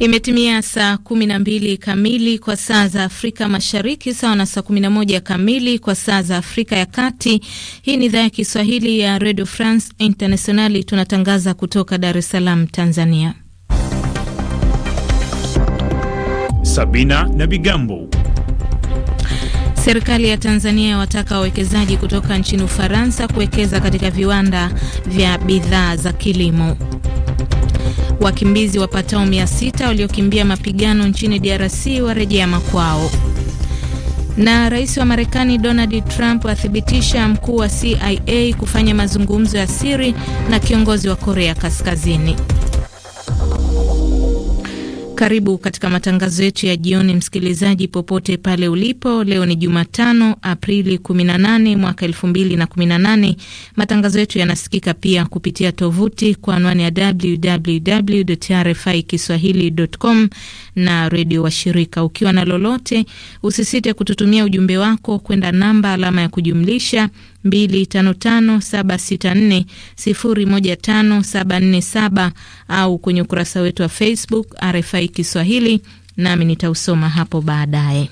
Imetimia saa 12 kamili kwa saa za Afrika Mashariki, sawa na saa 11 kamili kwa saa za Afrika ya Kati. Hii ni idhaa ya Kiswahili ya Radio France Internationali, tunatangaza kutoka Dar es Salaam, Tanzania. Sabina na Bigambo. Serikali ya Tanzania yawataka wawekezaji kutoka nchini Ufaransa kuwekeza katika viwanda vya bidhaa za kilimo. Wakimbizi wapatao 600 waliokimbia mapigano nchini DRC warejea makwao. Na rais wa Marekani Donald Trump athibitisha mkuu wa CIA kufanya mazungumzo ya siri na kiongozi wa Korea Kaskazini. Karibu katika matangazo yetu ya jioni, msikilizaji popote pale ulipo. Leo ni Jumatano, Aprili 18 mwaka 2018. Matangazo yetu yanasikika pia kupitia tovuti kwa anwani ya www RFI kiswahilicom na redio washirika. Ukiwa na lolote, usisite kututumia ujumbe wako kwenda namba alama ya kujumlisha 255764015747 au kwenye ukurasa wetu wa Facebook RFI Kiswahili, nami nitausoma hapo baadaye.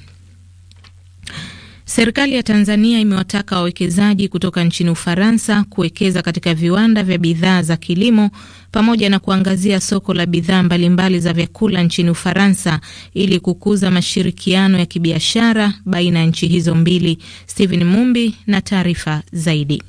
Serikali ya Tanzania imewataka wawekezaji kutoka nchini Ufaransa kuwekeza katika viwanda vya bidhaa za kilimo pamoja na kuangazia soko la bidhaa mbalimbali za vyakula nchini Ufaransa ili kukuza mashirikiano ya kibiashara baina ya nchi hizo mbili. Stephen Mumbi na taarifa zaidi.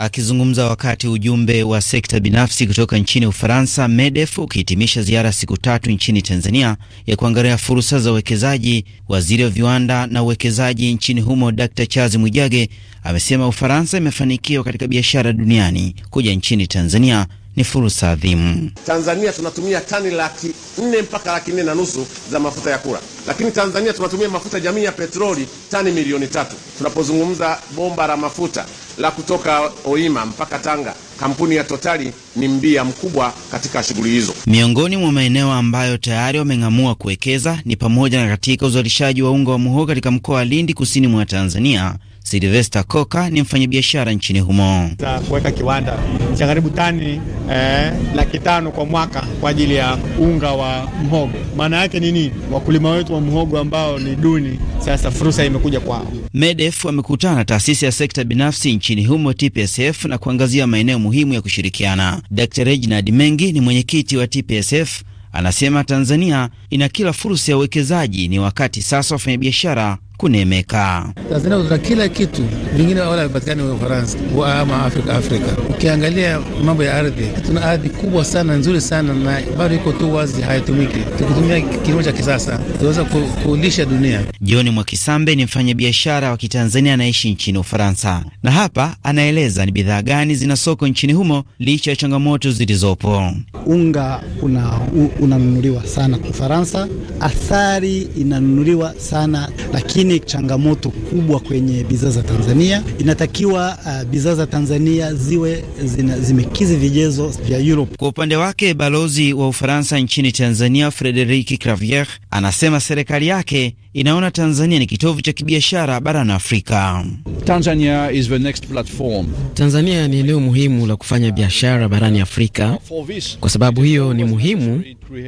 Akizungumza wakati ujumbe wa sekta binafsi kutoka nchini Ufaransa, MEDEF, ukihitimisha ziara siku tatu nchini Tanzania ya kuangalia fursa za uwekezaji, waziri wa viwanda na uwekezaji nchini humo Dr Charles Mwijage amesema Ufaransa imefanikiwa katika biashara duniani kuja nchini Tanzania ni fursa adhimu. Tanzania tunatumia tani laki nne mpaka laki nne na nusu za mafuta ya kura, lakini Tanzania tunatumia mafuta jamii ya petroli tani milioni tatu. Tunapozungumza bomba la mafuta la kutoka Oima mpaka Tanga, kampuni ya Totali ni mbia mkubwa katika shughuli hizo. Miongoni mwa maeneo ambayo tayari wameng'amua kuwekeza ni pamoja na katika uzalishaji wa unga wa muhogo katika mkoa wa Lindi kusini mwa Tanzania Silvester Koka ni mfanyabiashara nchini humo. kuweka kiwanda cha karibu tani eh, laki tano kwa mwaka kwa ajili ya unga wa mhogo. Maana yake ni nini? Wakulima wetu wa mhogo ambao ni duni, sasa fursa imekuja kwao. MEDEF wamekutana na taasisi ya sekta binafsi nchini humo TPSF na kuangazia maeneo muhimu ya kushirikiana. Dr Reginald Mengi ni mwenyekiti wa TPSF, anasema Tanzania ina kila fursa ya uwekezaji, ni wakati sasa wafanyabiashara kunemeka. Tanzania tuna kila kitu, vingine wala havipatikani Ufaransa ama Afrika. Afrika ukiangalia mambo ya ardhi, tuna ardhi kubwa sana nzuri sana, na bado iko tu wazi, hayatumiki. Tukitumia kilimo cha kisasa tunaweza kulisha dunia. mwa Mwakisambe ni mfanyabiashara wa Kitanzania anaishi nchini Ufaransa, na hapa anaeleza ni bidhaa gani zina soko nchini humo licha ya changamoto zilizopo. Unga unanunuliwa sana Ufaransa, athari inanunuliwa sana lakini ni changamoto kubwa kwenye bidhaa za Tanzania. Inatakiwa uh, bidhaa za Tanzania ziwe zina, zimekizi vigezo vya Europe. Kwa upande wake balozi wa Ufaransa nchini Tanzania Frederic cravier anasema serikali yake inaona Tanzania ni kitovu cha kibiashara barani Afrika. Tanzania is the next platform. Tanzania ni eneo muhimu la kufanya biashara barani Afrika. Kwa sababu hiyo ni muhimu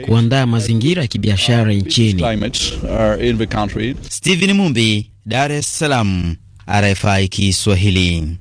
kuandaa mazingira ya kibiashara uh, nchini. Steven Mumbi, Dar es Salaam, RFI Kiswahili.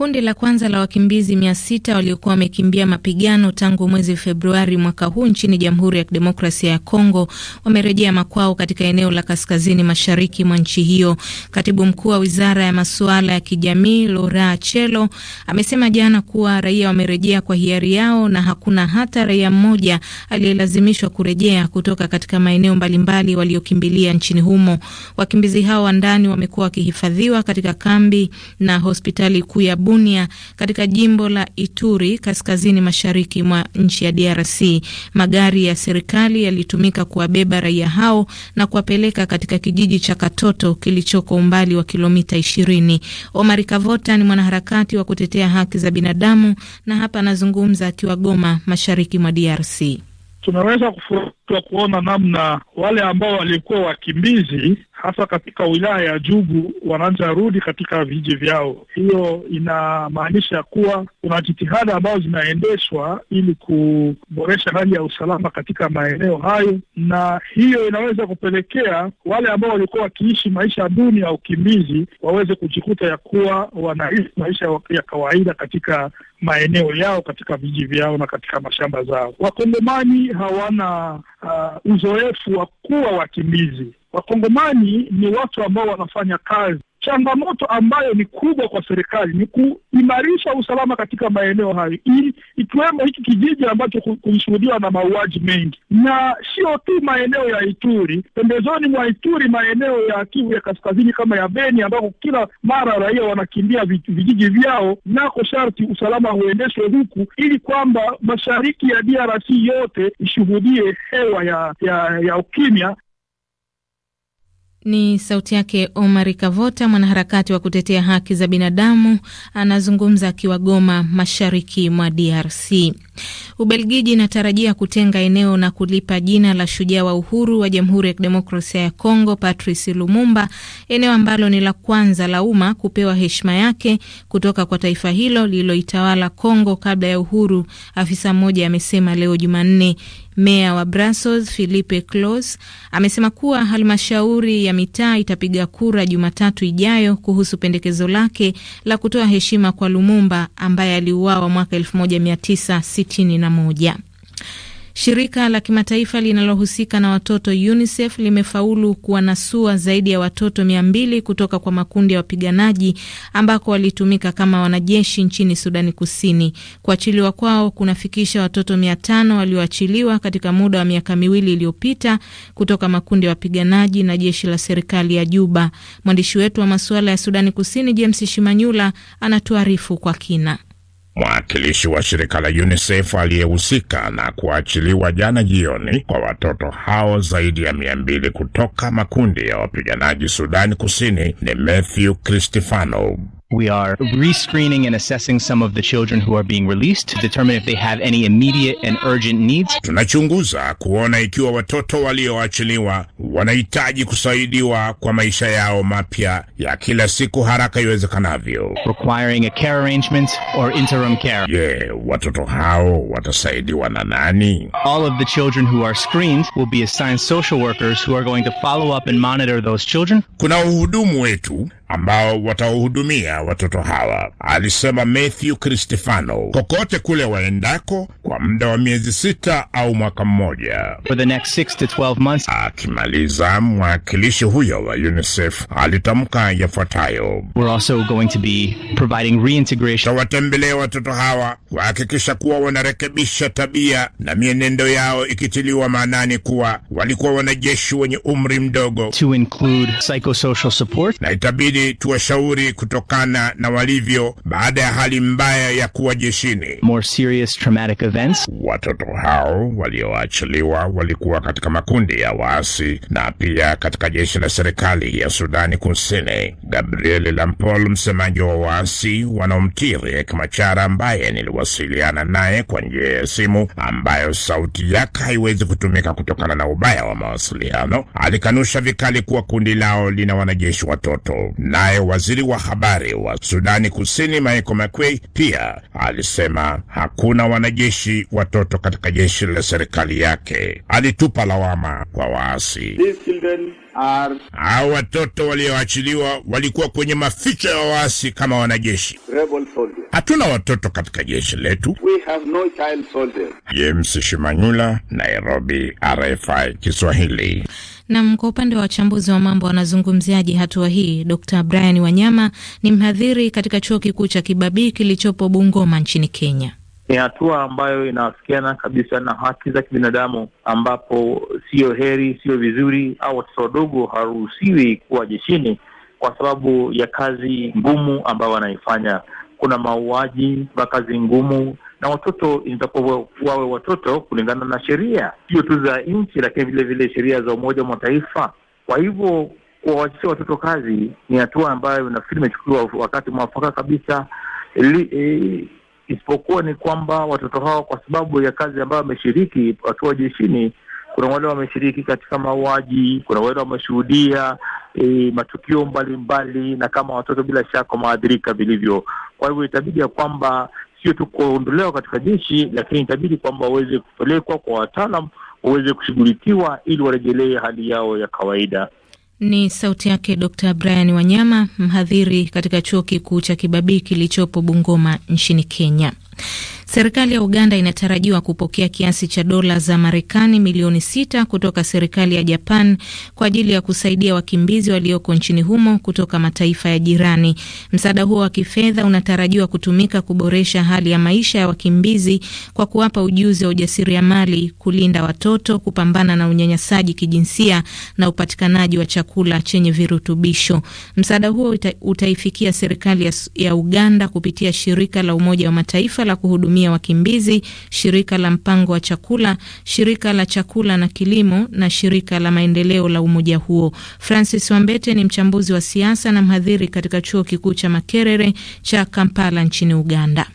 Kundi la kwanza la wakimbizi mia sita waliokuwa wamekimbia mapigano tangu mwezi Februari mwaka huu nchini Jamhuri ya Kidemokrasia ya Kongo wamerejea makwao katika eneo la kaskazini mashariki mwa nchi hiyo. Katibu mkuu wa wizara ya masuala ya kijamii Lora Chelo amesema jana kuwa raia wamerejea kwa hiari yao na hakuna hata raia mmoja aliyelazimishwa kurejea kutoka katika maeneo mbalimbali waliokimbilia nchini humo. Wakimbizi hao wa ndani wamekuwa wakihifadhiwa katika kambi na hospitali kuu ya Bunia katika jimbo la Ituri kaskazini mashariki mwa nchi ya DRC. Magari ya serikali yalitumika kuwabeba raia hao na kuwapeleka katika kijiji cha Katoto kilichoko umbali wa kilomita 20. Omar Kavota ni mwanaharakati wa kutetea haki za binadamu na hapa anazungumza akiwa Goma, mashariki mwa DRC. Tunaweza kufurahia kuona namna wale ambao walikuwa wakimbizi hasa katika wilaya ya Jugu rudi katika vijiji vyao. Hiyo inamaanisha kuwa kuna jitihada ambazo zinaendeshwa ili kuboresha hali ya usalama katika maeneo hayo, na hiyo inaweza kupelekea wale ambao walikuwa wakiishi maisha duni ya ukimbizi waweze kujikuta ya kuwa wanaishi maisha ya kawaida katika maeneo yao, katika vijiji vyao na katika mashamba zao. Wakongomani hawana uh, uzoefu wa kuwa wakimbizi Wakongomani ni watu ambao wanafanya kazi. Changamoto ambayo ni kubwa kwa serikali ni kuimarisha usalama katika maeneo hayo, ili ikiwemo hiki kijiji ambacho kulishuhudiwa na mauaji mengi, na sio tu maeneo ya Ituri, pembezoni mwa Ituri, maeneo ya Kivu ya kaskazini kama ya Beni, ambako kila mara raia wanakimbia vijiji vyao, nako sharti usalama huendeshwe huku, ili kwamba mashariki ya DRC yote ishuhudie hewa ya ya, ya ukimya. Ni sauti yake Omar Kavota, mwanaharakati wa kutetea haki za binadamu, anazungumza akiwa Goma, mashariki mwa DRC. Ubelgiji inatarajia kutenga eneo na kulipa jina la shujaa wa uhuru wa Jamhuri ya Kidemokrasia ya Kongo Patrice Lumumba, eneo ambalo ni la kwanza la umma kupewa heshima yake kutoka kwa taifa hilo lililoitawala Kongo kabla ya uhuru, afisa mmoja amesema leo Jumanne. Meya wa Brussels Philippe Clos amesema kuwa halmashauri ya mitaa itapiga kura Jumatatu ijayo kuhusu pendekezo lake la kutoa heshima kwa Lumumba ambaye aliuawa mwaka 1960 moja. Shirika la kimataifa linalohusika na watoto UNICEF limefaulu kuwanasua zaidi ya watoto mia mbili kutoka kwa makundi ya wapiganaji ambako walitumika kama wanajeshi nchini Sudani Kusini. Kuachiliwa kwao kunafikisha watoto mia tano walioachiliwa katika muda wa miaka miwili iliyopita kutoka makundi ya wapiganaji na jeshi la serikali ya Juba. Mwandishi wetu wa masuala ya Sudani Kusini James Shimanyula anatuarifu kwa kina. Mwakilishi wa shirika la UNICEF aliyehusika na kuachiliwa jana jioni kwa watoto hao zaidi ya mia mbili kutoka makundi ya wapiganaji Sudani Kusini ni Matthew Cristifano. We are rescreening and assessing some of the children who are being released to determine if they have any immediate and urgent needs. Tunachunguza kuona ikiwa watoto walioachiliwa wanahitaji kusaidiwa kwa maisha yao mapya ya kila siku haraka iwezekanavyo. Requiring a care arrangement or interim care. Je, watoto hao watasaidiwa na nani? All of the children who are screened will be assigned social workers who are going to follow up and monitor those children. Kuna uhudumu wetu ambao watawahudumia watoto hawa, alisema Matthew Cristefano, kokote kule waendako kwa muda wa miezi sita au mwaka mmoja. Akimaliza, mwakilishi huyo wa UNICEF alitamka yafuatayo: tawatembelea watoto hawa kuhakikisha kuwa wanarekebisha tabia na mienendo yao, ikitiliwa maanani kuwa walikuwa wanajeshi wenye umri mdogo, na itabidi ili tuwashauri kutokana na walivyo baada ya hali mbaya ya kuwa jeshini. More serious traumatic events. Watoto hao walioachiliwa walikuwa katika makundi ya waasi na pia katika jeshi la serikali ya Sudani Kusini. Gabriel Lampol, msemaji wa waasi wanaomtii Riek Machar, ambaye niliwasiliana naye kwa njia ya simu ambayo sauti yake haiwezi kutumika kutokana na ubaya wa mawasiliano, alikanusha vikali kuwa kundi lao lina wanajeshi watoto. Naye waziri wa habari wa Sudani Kusini Michael Makwei pia alisema hakuna wanajeshi watoto katika jeshi la serikali yake. Alitupa lawama kwa waasi These children hao watoto walioachiliwa walikuwa kwenye maficho ya waasi kama wanajeshi. Hatuna watoto katika jeshi letu. No, James Shimanyula, Nairobi, RFI Kiswahili. Nam, kwa upande wa wachambuzi wa mambo wanazungumziaje hatua hii? Dr Brian Wanyama ni mhadhiri katika chuo kikuu cha Kibabii kilichopo Bungoma nchini Kenya. Ni hatua ambayo inawafikiana kabisa na haki za kibinadamu, ambapo sio heri, sio vizuri, au watoto wadogo haruhusiwi kuwa jeshini kwa sababu ya kazi ngumu ambayo wanaifanya. Kuna mauaji na kazi ngumu, na watoto inatakuwa wawe watoto kulingana na sheria sio tu za nchi, lakini vilevile sheria za Umoja wa Mataifa. Kwa hivyo kuwawachia watoto kazi ni hatua ambayo nafikiri imechukuliwa wakati mwafaka kabisa. E, isipokuwa ni kwamba watoto hao kwa sababu ya kazi ambayo wameshiriki wakiwa jeshini kuna wale wameshiriki katika mauaji, kuna wale wameshuhudia e, matukio mbalimbali mbali, na kama watoto bila shaka wameathirika vilivyo. Kwa hivyo itabidi ya kwamba sio tu kuondolewa katika jeshi, lakini itabidi kwamba waweze kupelekwa kwa wataalam waweze kushughulikiwa ili warejelee hali yao ya kawaida. Ni sauti yake Dr Brian Wanyama, mhadhiri katika chuo kikuu cha Kibabii kilichopo Bungoma nchini Kenya. Serikali ya Uganda inatarajiwa kupokea kiasi cha dola za Marekani milioni sita kutoka serikali ya Japan kwa ajili ya kusaidia wakimbizi walioko nchini humo kutoka mataifa ya jirani. Msaada huo wa kifedha unatarajiwa kutumika kuboresha hali ya maisha ya wakimbizi kwa kuwapa ujuzi wa ujasiriamali, kulinda watoto, kupambana na unyanyasaji kijinsia na upatikanaji wa chakula chenye virutubisho. Msaada huo uta, utaifikia serikali ya, ya Uganda kupitia shirika la Umoja wa Mataifa la kuhudumia kuhudumia wakimbizi, shirika la mpango wa chakula, shirika la chakula na kilimo na shirika la maendeleo la umoja huo. Francis Wambete ni mchambuzi wa siasa na mhadhiri katika chuo kikuu cha Makerere cha Kampala nchini Uganda.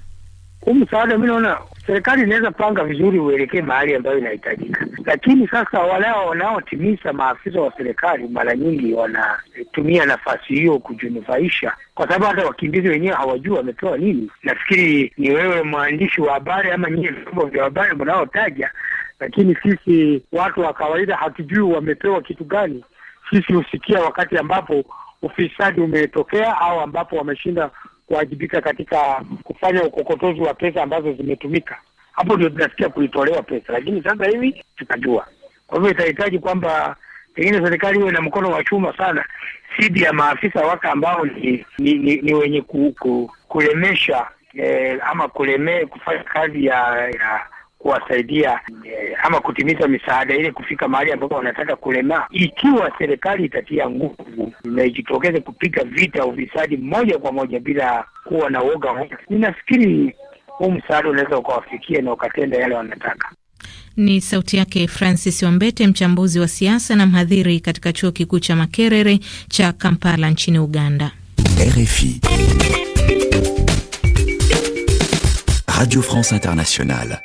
Huu msaada mi naona serikali inaweza panga vizuri uelekee mahali ambayo inahitajika, lakini sasa wale wanaotimiza, maafisa wa serikali mara nyingi wanatumia nafasi hiyo kujinufaisha, kwa sababu hata wakimbizi wenyewe hawajua wamepewa nini. Nafikiri ni wewe mwandishi wa habari ama nyie vyombo vya habari mnaotaja, lakini sisi watu wa kawaida hatujui wamepewa kitu gani. Sisi husikia wakati ambapo ufisadi umetokea au ambapo wameshinda kuwajibika katika kufanya ukokotozi wa pesa ambazo zimetumika. Hapo ndio tunasikia kulitolewa pesa, lakini sasa hivi tutajua. Kwa hivyo itahitaji kwamba pengine serikali iwe na mkono wa chuma sana dhidi ya maafisa waka ambao ni, ni, ni, ni wenye ku, ku, kulemesha eh, ama kuleme kufanya kazi ya, ya kuwasaidia eh, ama kutimiza misaada ile kufika mahali ambapo wanataka kulemaa. Ikiwa serikali itatia nguvu na ijitokeze kupiga vita ufisadi moja kwa moja bila kuwa na woga, ninafikiri huu msaada unaweza ukawafikia na ukatenda yale wanataka. Ni sauti yake Francis Wambete, mchambuzi wa siasa na mhadhiri katika chuo kikuu cha Makerere cha Kampala nchini Uganda. RFI Radio France Internationale.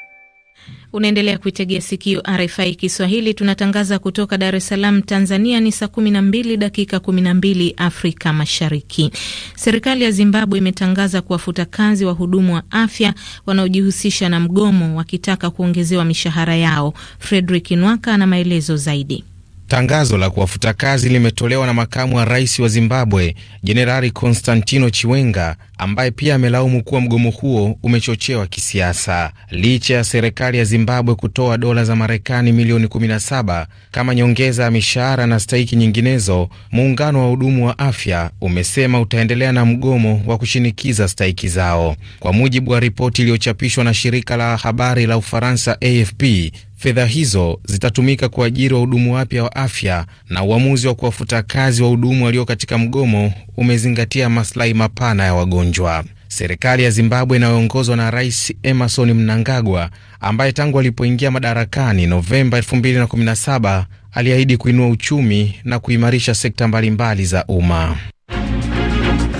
Unaendelea kuitegea sikio RFI Kiswahili, tunatangaza kutoka Dar es Salaam, Tanzania. Ni saa kumi na mbili dakika kumi na mbili Afrika Mashariki. Serikali ya Zimbabwe imetangaza kuwafuta kazi wahudumu wa afya wanaojihusisha na mgomo, wakitaka kuongezewa mishahara yao. Fredrik Nwaka ana maelezo zaidi. Tangazo la kuwafuta kazi limetolewa na makamu wa rais wa Zimbabwe Jenerali Constantino Chiwenga, ambaye pia amelaumu kuwa mgomo huo umechochewa kisiasa, licha ya serikali ya Zimbabwe kutoa dola za Marekani milioni 17 kama nyongeza ya mishahara na stahiki nyinginezo. Muungano wa hudumu wa afya umesema utaendelea na mgomo wa kushinikiza stahiki zao, kwa mujibu wa ripoti iliyochapishwa na shirika la habari la Ufaransa AFP. Fedha hizo zitatumika kuajiri wahudumu wapya wa afya, na uamuzi wa kuwafuta kazi wahudumu walio katika mgomo umezingatia maslahi mapana ya wagonjwa. Serikali ya Zimbabwe inayoongozwa na Rais Emerson Mnangagwa, ambaye tangu alipoingia madarakani Novemba 2017 aliahidi kuinua uchumi na kuimarisha sekta mbalimbali za umma.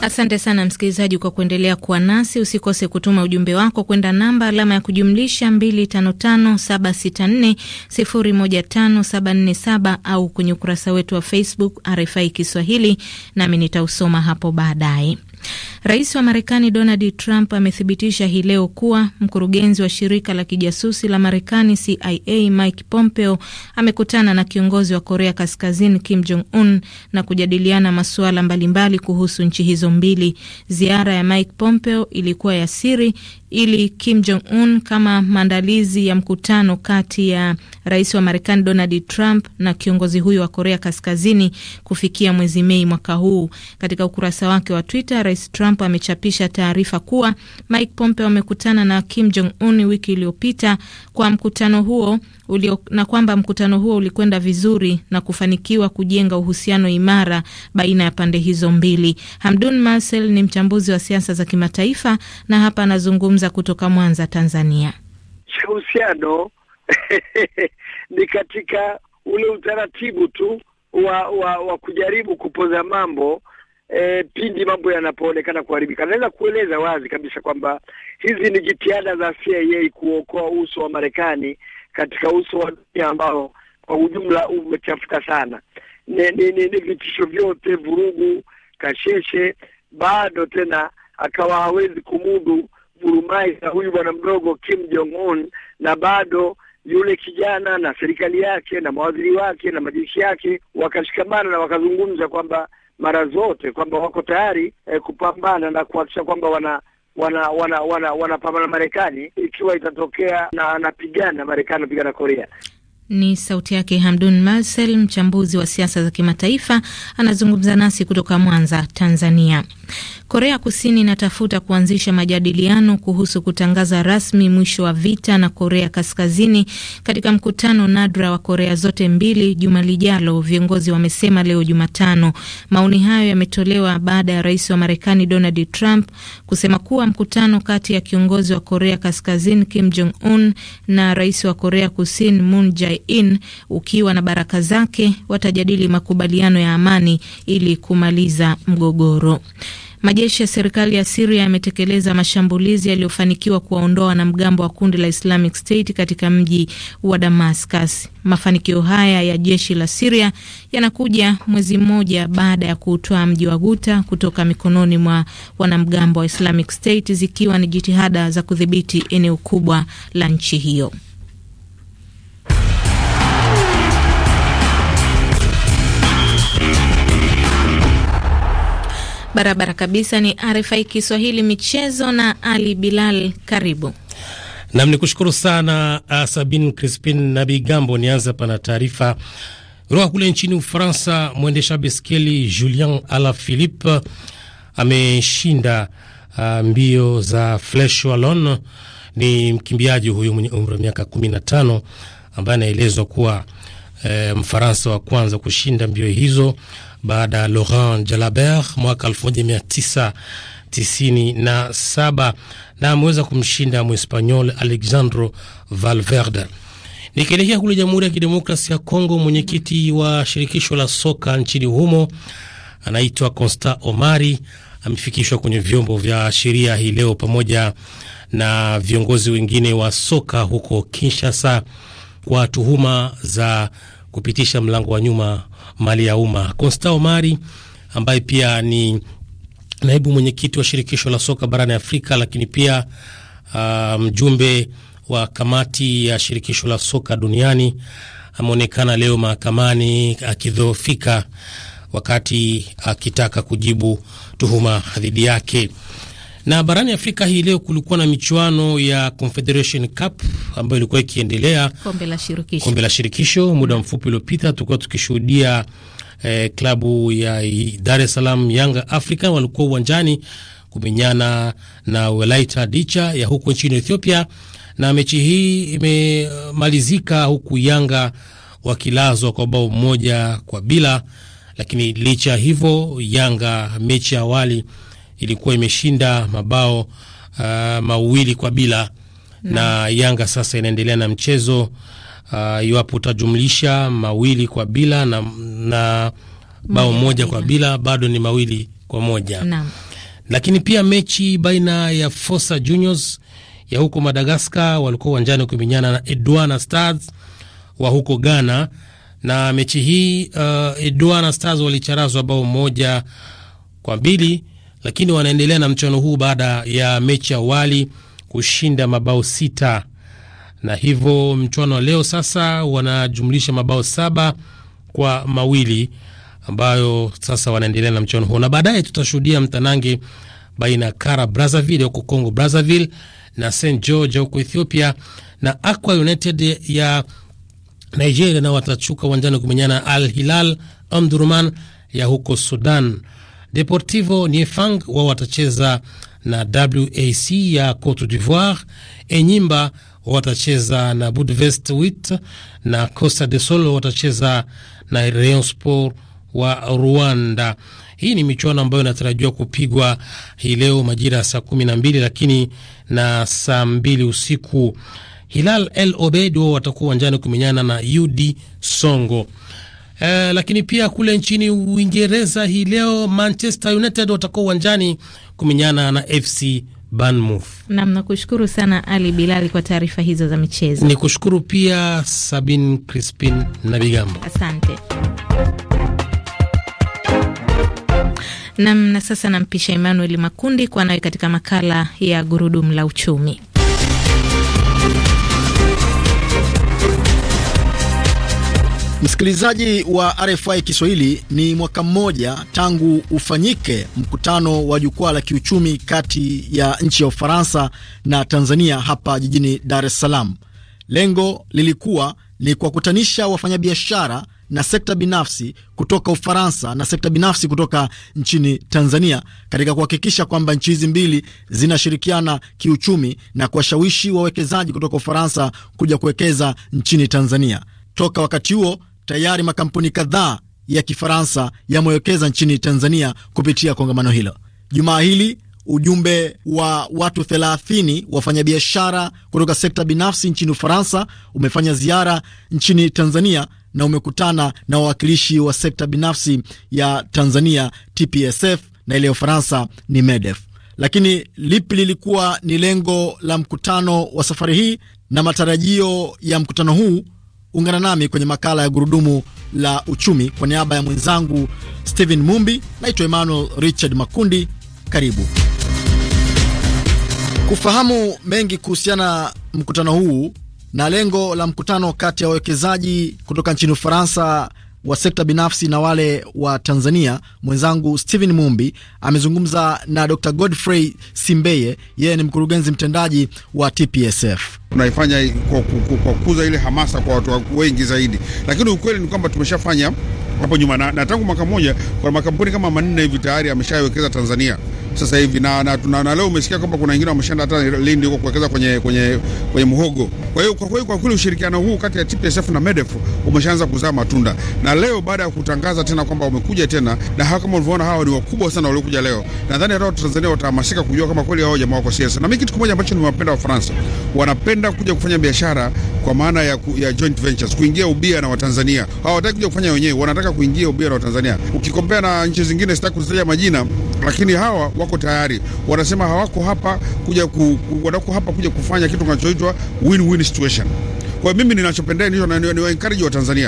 Asante sana msikilizaji kwa kuendelea kuwa nasi. Usikose kutuma ujumbe wako kwenda namba alama ya kujumlisha 255764015747 au kwenye ukurasa wetu wa Facebook RFI Kiswahili, nami nitausoma hapo baadaye. Rais wa Marekani Donald Trump amethibitisha hii leo kuwa mkurugenzi wa shirika la kijasusi la Marekani CIA Mike Pompeo amekutana na kiongozi wa Korea Kaskazini Kim Jong Un na kujadiliana masuala mbalimbali kuhusu nchi hizo mbili. Ziara ya Mike Pompeo ilikuwa ya siri ili Kim Jong Un kama maandalizi ya mkutano kati ya rais wa Marekani Donald Trump na kiongozi huyo wa Korea Kaskazini kufikia mwezi Mei mwaka huu. Katika ukurasa wake wa Twitter, Rais Trump amechapisha taarifa kuwa Mike Pompeo amekutana na Kim Jong Un wiki iliyopita kwa mkutano huo ulio, na kwamba mkutano huo ulikwenda vizuri na kufanikiwa kujenga uhusiano imara baina ya pande hizo mbili. Hamdun Marcel ni mchambuzi wa siasa za kimataifa na hapa anazungumza kutoka Mwanza, Tanzania. Uhusiano ni katika ule utaratibu tu wa, wa, wa kujaribu kupoza mambo e, pindi mambo yanapoonekana kuharibika. Naweza kueleza wazi kabisa kwamba hizi ni jitihada za CIA kuokoa uso wa Marekani katika uso wa dunia ambao kwa ujumla umechafuka sana. Ni, ni, ni, ni vitisho vyote, vurugu, kasheshe, bado tena akawa hawezi kumudu vurumai za huyu bwana mdogo Kim Jong Un, na bado yule kijana na serikali yake na mawaziri wake na majeshi yake wakashikamana na wakazungumza kwamba mara zote kwamba wako tayari eh, kupambana na kuhakikisha kwamba wana wana wanapambana wana, wana Marekani ikiwa itatokea na anapigana Marekani anapigana Korea. Ni sauti yake Hamdun Marsel, mchambuzi wa siasa za kimataifa, anazungumza nasi kutoka Mwanza, Tanzania. Korea Kusini inatafuta kuanzisha majadiliano kuhusu kutangaza rasmi mwisho wa vita na Korea Kaskazini katika mkutano nadra wa Korea zote mbili juma lijalo, viongozi wamesema leo Jumatano. Maoni hayo yametolewa baada ya rais wa Marekani Donald Trump kusema kuwa mkutano kati ya kiongozi wa Korea Kaskazini Kim Jong Un na rais wa Korea Kusini Moon Jae in ukiwa na baraka zake watajadili makubaliano ya amani ili kumaliza mgogoro. Majeshi ya serikali ya Siria yametekeleza mashambulizi yaliyofanikiwa kuwaondoa wanamgambo wa kundi la Islamic State katika mji wa Damascus. Mafanikio haya ya jeshi la Siria yanakuja mwezi mmoja baada ya kutoa mji wa Guta kutoka mikononi mwa wanamgambo wa Islamic State, zikiwa ni jitihada za kudhibiti eneo kubwa la nchi hiyo. barabara kabisa. Ni RFI Kiswahili michezo na Ali Bilal, karibu nam. Ni kushukuru sana uh, Sabin Crispin na Bigambo. Nianze pana taarifa kutoka kule nchini Ufaransa. Mwendesha baiskeli Julien Alaphilippe ameshinda uh, mbio za Flesh Wallon. Ni mkimbiaji huyu mwenye umri wa miaka 15 ambaye anaelezwa kuwa eh, Mfaransa wa kwanza kushinda mbio hizo baada ya Laurent Jalabert mwaka 1997 na ameweza kumshinda muespanyol alexandro Valverde. Nikielekea kule Jamhuri ya Kidemokrasi ya Kongo, mwenyekiti wa shirikisho la soka nchini humo anaitwa Constant Omari amefikishwa kwenye vyombo vya sheria hii leo pamoja na viongozi wengine wa soka huko Kinshasa kwa tuhuma za kupitisha mlango wa nyuma mali ya umma. Konsta Omari ambaye pia ni naibu mwenyekiti wa shirikisho la soka barani Afrika, lakini pia ah, mjumbe wa kamati ya shirikisho la soka duniani ameonekana leo mahakamani akidhoofika wakati akitaka kujibu tuhuma dhidi yake. Na barani Afrika hii leo kulikuwa na michuano ya Confederation Cup ambayo ilikuwa ikiendelea, kombe la shirikisho, kombe la shirikisho. Muda mfupi uliopita tulikuwa tukishuhudia eh, klabu ya Dar es Salaam Yanga Africa walikuwa uwanjani kumenyana na Welaita Dicha ya huko nchini Ethiopia, na mechi hii imemalizika huku Yanga wakilazwa kwa bao moja kwa bila, lakini licha hivyo Yanga mechi ya awali ilikuwa imeshinda mabao uh, mawili kwa bila na, na Yanga sasa inaendelea na mchezo uh, iwapo uh, utajumlisha mawili kwa bila na, na bao moja kwa bila bado ni mawili kwa moja na. Lakini pia mechi baina ya Fosa Juniors ya huko Madagascar walikuwa uwanjani kuminyana na Edwana Stars wa huko Ghana na mechi hii uh, Edwana Stars walicharazwa bao moja kwa mbili lakini wanaendelea na mchuano huu baada ya mechi ya awali kushinda mabao sita, na hivyo mchuano wa leo sasa wanajumlisha mabao saba kwa mawili ambayo sasa wanaendelea na mchuano huo, na baadaye tutashuhudia mtanange baina ya Kara Brazzaville huko Congo Brazzaville na St George huko Ethiopia na Aqua United ya Nigeria, na watachuka uwanjani kumenyana Al Hilal Omdurman ya huko Sudan. Deportivo Niefang wao watacheza na WAC ya Cote d'Ivoire. Enyimba watacheza na Budvest Wit na Costa de Sol watacheza na Rayon Sport wa Rwanda. Hii ni michuano ambayo inatarajiwa kupigwa hii leo majira ya saa kumi na mbili lakini na saa mbili usiku. Hilal El Obeid wao watakuwa uwanjani kumenyana na UD Songo eh, lakini pia kule nchini Uingereza hii leo Manchester United watakuwa uwanjani kumenyana na FC Bournemouth. Nam, nakushukuru sana Ali Bilali kwa taarifa hizo za michezo. Ni kushukuru pia Sabin Crispin na Bigambo, asante. Nam, na sasa nampisha Emmanuel Makundi kwa nawe katika makala ya gurudumu la uchumi. Msikilizaji wa RFI Kiswahili, ni mwaka mmoja tangu ufanyike mkutano wa jukwaa la kiuchumi kati ya nchi ya Ufaransa na Tanzania hapa jijini Dar es Salaam. Lengo lilikuwa ni kuwakutanisha wafanyabiashara na sekta binafsi kutoka Ufaransa na sekta binafsi kutoka nchini Tanzania katika kuhakikisha kwamba nchi hizi mbili zinashirikiana kiuchumi na kuwashawishi wawekezaji kutoka Ufaransa kuja kuwekeza nchini Tanzania. Toka wakati huo tayari makampuni kadhaa ya Kifaransa yamewekeza nchini Tanzania kupitia kongamano hilo. Jumaa hili ujumbe wa watu 30 wafanyabiashara kutoka sekta binafsi nchini Ufaransa umefanya ziara nchini Tanzania na umekutana na wawakilishi wa sekta binafsi ya Tanzania TPSF na ile ya Ufaransa ni MEDEF. Lakini lipi lilikuwa ni lengo la mkutano wa safari hii na matarajio ya mkutano huu ungana nami kwenye makala ya gurudumu la uchumi. Kwa niaba ya mwenzangu stephen Mumbi, naitwa Emmanuel Richard Makundi. Karibu kufahamu mengi kuhusiana mkutano huu na lengo la mkutano kati ya wawekezaji kutoka nchini Ufaransa wa sekta binafsi na wale wa Tanzania. Mwenzangu stephen Mumbi amezungumza na Dr Godfrey Simbeye, yeye ni mkurugenzi mtendaji wa TPSF tunaifanya kwa kukuza ile hamasa kwa watu wengi zaidi, lakini ukweli ni kwamba tumeshafanya hapo nyuma na, na tangu mwaka mmoja kuna makampuni kama manne hivi tayari ameshawekeza Tanzania sasa hivi na, na, na, na leo umesikia kwamba kuna wengine wameshaenda hata Lindi huko kuwekeza kwenye, kwenye, kwenye muhogo. Kwa hiyo kwa kweli kwa kweli ushirikiano huu kati ya TPSF na MEDEF umeshaanza kuzaa matunda, na leo baada ya kutangaza tena kwamba wamekuja tena, na hawa kama ulivyoona, hawa ni wakubwa sana waliokuja leo. Nadhani hata Tanzania watahamasika kujua kama kweli hao jamaa wako siasa. Na mimi kitu kimoja ambacho nimewapenda Wafaransa wanapenda wanapenda kuja kufanya biashara kwa maana ya, ku, ya joint ventures kuingia ubia na Watanzania. Hawataki kuja kufanya wenyewe, wanataka kuingia ubia na Watanzania. Ukikombea na nchi zingine, sitaki kuzitaja majina, lakini hawa wako tayari, wanasema hawako hapa kuja ku, wanako hapa kuja kufanya kitu kinachoitwa win-win situation. Kwa mimi ninachopendea ni, ni, ni, ni, ni, ni, ni,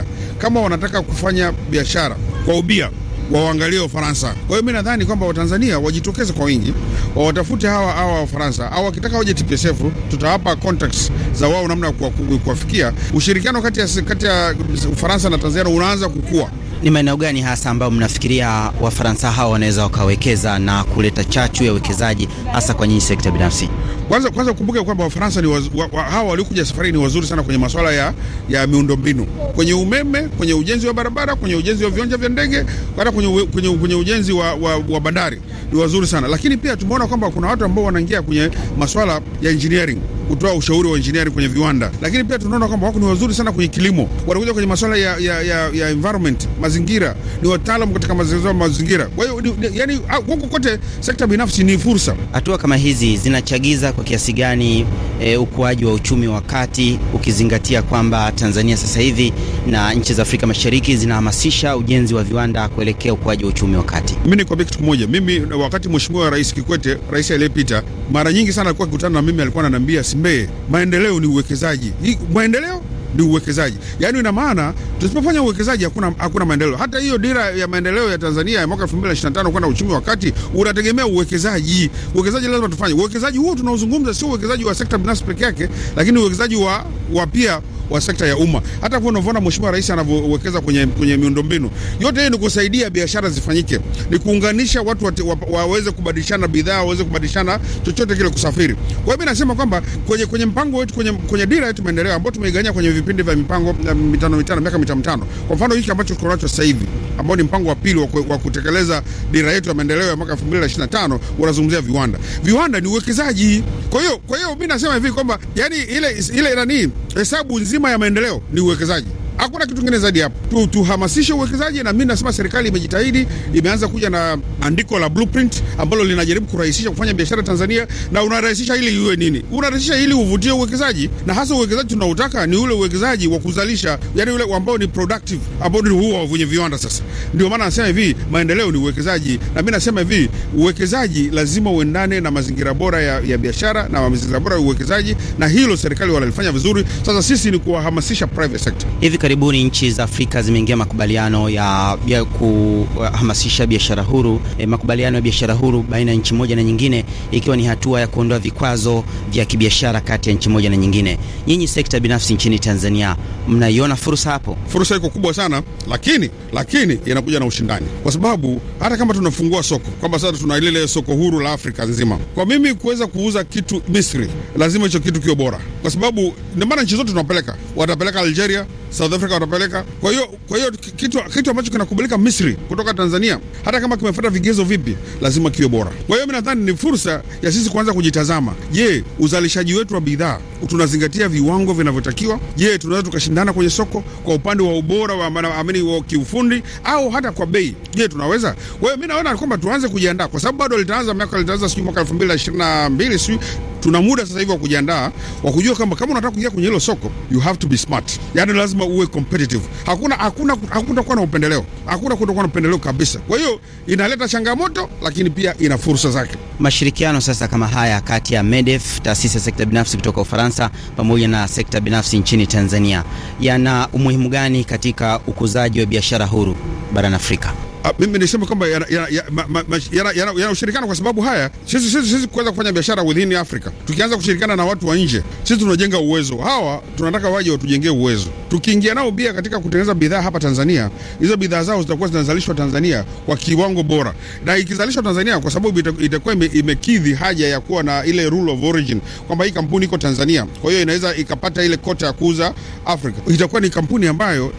ni, ni, ni, ni, waangalie Ufaransa. Kwa hiyo mi nadhani kwamba Watanzania wajitokeze kwa wingi, wawatafute hawa hawa ufaransa au wakitaka waje TPSF, tutawapa contacts za wao namna ya kuwafikia. Ushirikiano kati ya Ufaransa na Tanzania unaanza kukua. Ni maeneo gani hasa ambayo mnafikiria Wafaransa hao wanaweza wakawekeza na kuleta chachu ya uwekezaji hasa kwa nyinyi sekta binafsi? Kwanza kwanza ukumbuke kwamba Wafaransa ni wa, wa, hawa waliokuja safari ni wazuri sana kwenye masuala ya, ya miundombinu, kwenye umeme, kwenye ujenzi wa barabara, kwenye ujenzi wa viwanja vya ndege, hata kwenye, kwenye, kwenye ujenzi wa, wa, wa bandari ni wazuri sana, lakini pia tumeona kwamba kuna watu ambao wanaingia kwenye masuala ya engineering kutoa ushauri wa engineering kwenye viwanda, lakini pia tunaona kwamba wako ni wazuri sana kwenye kilimo, wanakuja kwenye masuala ya, ya, ya, ya environment, mazingira, ni wataalamu katika mazingira mazingira. Kwa hiyo yani, huko kote sekta binafsi ni fursa. Hatua kama hizi zinachagiza kwa kiasi gani e, ukuaji wa uchumi wa kati, ukizingatia kwamba Tanzania sasa hivi na nchi za Afrika Mashariki zinahamasisha ujenzi wa viwanda kuelekea ukuaji wa uchumi wa kati. Mimi nikwambia kitu kimoja, mimi wakati mheshimiwa Rais Kikwete, rais aliyepita, mara nyingi sana alikuwa akikutana na mimi, alikuwa ananiambia tusitemee. Maendeleo ni uwekezaji, maendeleo ni uwekezaji. Yaani ina maana tusipofanya uwekezaji hakuna, hakuna maendeleo. Hata hiyo dira ya maendeleo ya Tanzania ya mwaka 2025 kwenda uchumi wa kati unategemea uwekezaji. Uwekezaji lazima tufanye. Uwekezaji huo tunaozungumza sio uwekezaji wa sekta binafsi peke yake, lakini uwekezaji wa, wa pia wa sekta ya umma. Hata kwa unavyoona Mheshimiwa Rais anavyowekeza kwenye, kwenye miundombinu yote hii, ni kusaidia biashara zifanyike, ni kuunganisha watu wate, wa, waweze kubadilishana bidhaa, waweze kubadilishana chochote kile kusafiri. Kwa hiyo mimi nasema kwamba kwenye, kwenye mpango wetu kwenye, kwenye dira yetu maendeleo ambayo tumeiganya kwenye vipindi vya mipango eh, mitano mitano miaka mitano mitano, kwa mfano hiki ambacho tuko nacho sasa hivi ambao ni mpango wa pili wa kutekeleza dira yetu ya maendeleo ya mwaka 2025 unazungumzia viwanda. Viwanda ni uwekezaji. Kwa hiyo kwa hiyo mimi nasema hivi kwamba yani ile ile nani hesabu nzima dhima ya maendeleo ni uwekezaji hakuna kitu kingine zaidi hapo tu, tuhamasishe uwekezaji. Na mimi nasema serikali imejitahidi, imeanza kuja na andiko la blueprint ambalo linajaribu kurahisisha kufanya biashara Tanzania, na unarahisisha ili iwe nini? Unarahisisha ili uvutie uwekezaji, na hasa uwekezaji tunaotaka ni ule uwekezaji wa kuzalisha, yani ule ambao ni productive, ambao ni huo wenye viwanda. Sasa ndio maana nasema hivi, maendeleo ni uwekezaji, na mimi nasema hivi, uwekezaji lazima uendane na mazingira bora ya, ya biashara na mazingira bora ya uwekezaji, na hilo serikali wanalifanya vizuri. Sasa sisi ni kuwahamasisha private sector hivi karibuni nchi za Afrika zimeingia makubaliano ya, ya kuhamasisha biashara huru e, makubaliano ya biashara huru baina ya nchi moja na nyingine, ikiwa ni hatua ya kuondoa vikwazo vya kibiashara kati ya nchi moja na nyingine. Nyinyi sekta binafsi nchini Tanzania mnaiona fursa hapo? Fursa iko kubwa sana, lakini lakini inakuja na ushindani, kwa sababu hata kama tunafungua soko kwamba sasa tuna lile soko huru la Afrika nzima, kwa mimi kuweza kuuza kitu Misri lazima hicho kitu kiwe bora, kwa sababu ndio maana nchi zote tunapeleka, watapeleka Algeria, South Afrika watapeleka. Kwa hiyo kwa hiyo kitu, kitu ambacho kinakubalika Misri kutoka Tanzania, hata kama kimefuata vigezo vipi, lazima kiwe bora. Kwa hiyo mimi nadhani ni fursa ya sisi kuanza kujitazama. Je, uzalishaji wetu wa bidhaa tunazingatia viwango vinavyotakiwa? Je, tunaweza tukashindana kwenye soko kwa upande wa ubora wa amini wa kiufundi au hata kwa bei? Je, tunaweza? Kwa hiyo mimi naona kwamba tuanze kujiandaa, kwa sababu bado litaanza miaka litaanza sijui mwaka 2022 mbili sijui Tuna muda sasa hivi wa kujiandaa, wa kujua kwamba kama unataka kuingia kwenye hilo soko you have to be smart, yani lazima uwe competitive. Hakuna hakuna hakutakuwa na upendeleo, hakuna kutokuwa na upendeleo kabisa. Kwa hiyo inaleta changamoto, lakini pia ina fursa zake. Mashirikiano sasa kama haya kati ya MEDEF, taasisi ya sekta binafsi kutoka Ufaransa, pamoja na sekta binafsi nchini Tanzania yana umuhimu gani katika ukuzaji wa biashara huru barani Afrika? Ah, mimi nisema kwamba yana, ushirikiano kwa sababu haya sisi sisi sisi kuweza kufanya biashara within Africa, tukianza kushirikiana na watu wa nje, sisi tunajenga uwezo. Hawa tunataka waje watujengee uwezo. Tukiingia nao pia katika kutengeneza bidhaa hapa Tanzania, hizo bidhaa zao zitakuwa zinazalishwa Tanzania kwa kiwango bora, na ikizalishwa Tanzania kwa sababu itakuwa ime, imekidhi haja ya kuwa na ile rule of origin kwamba hii kampuni iko Tanzania, kwa hiyo inaweza ikapata ile kota ya kuuza Africa. Itakuwa ni kampuni ambayo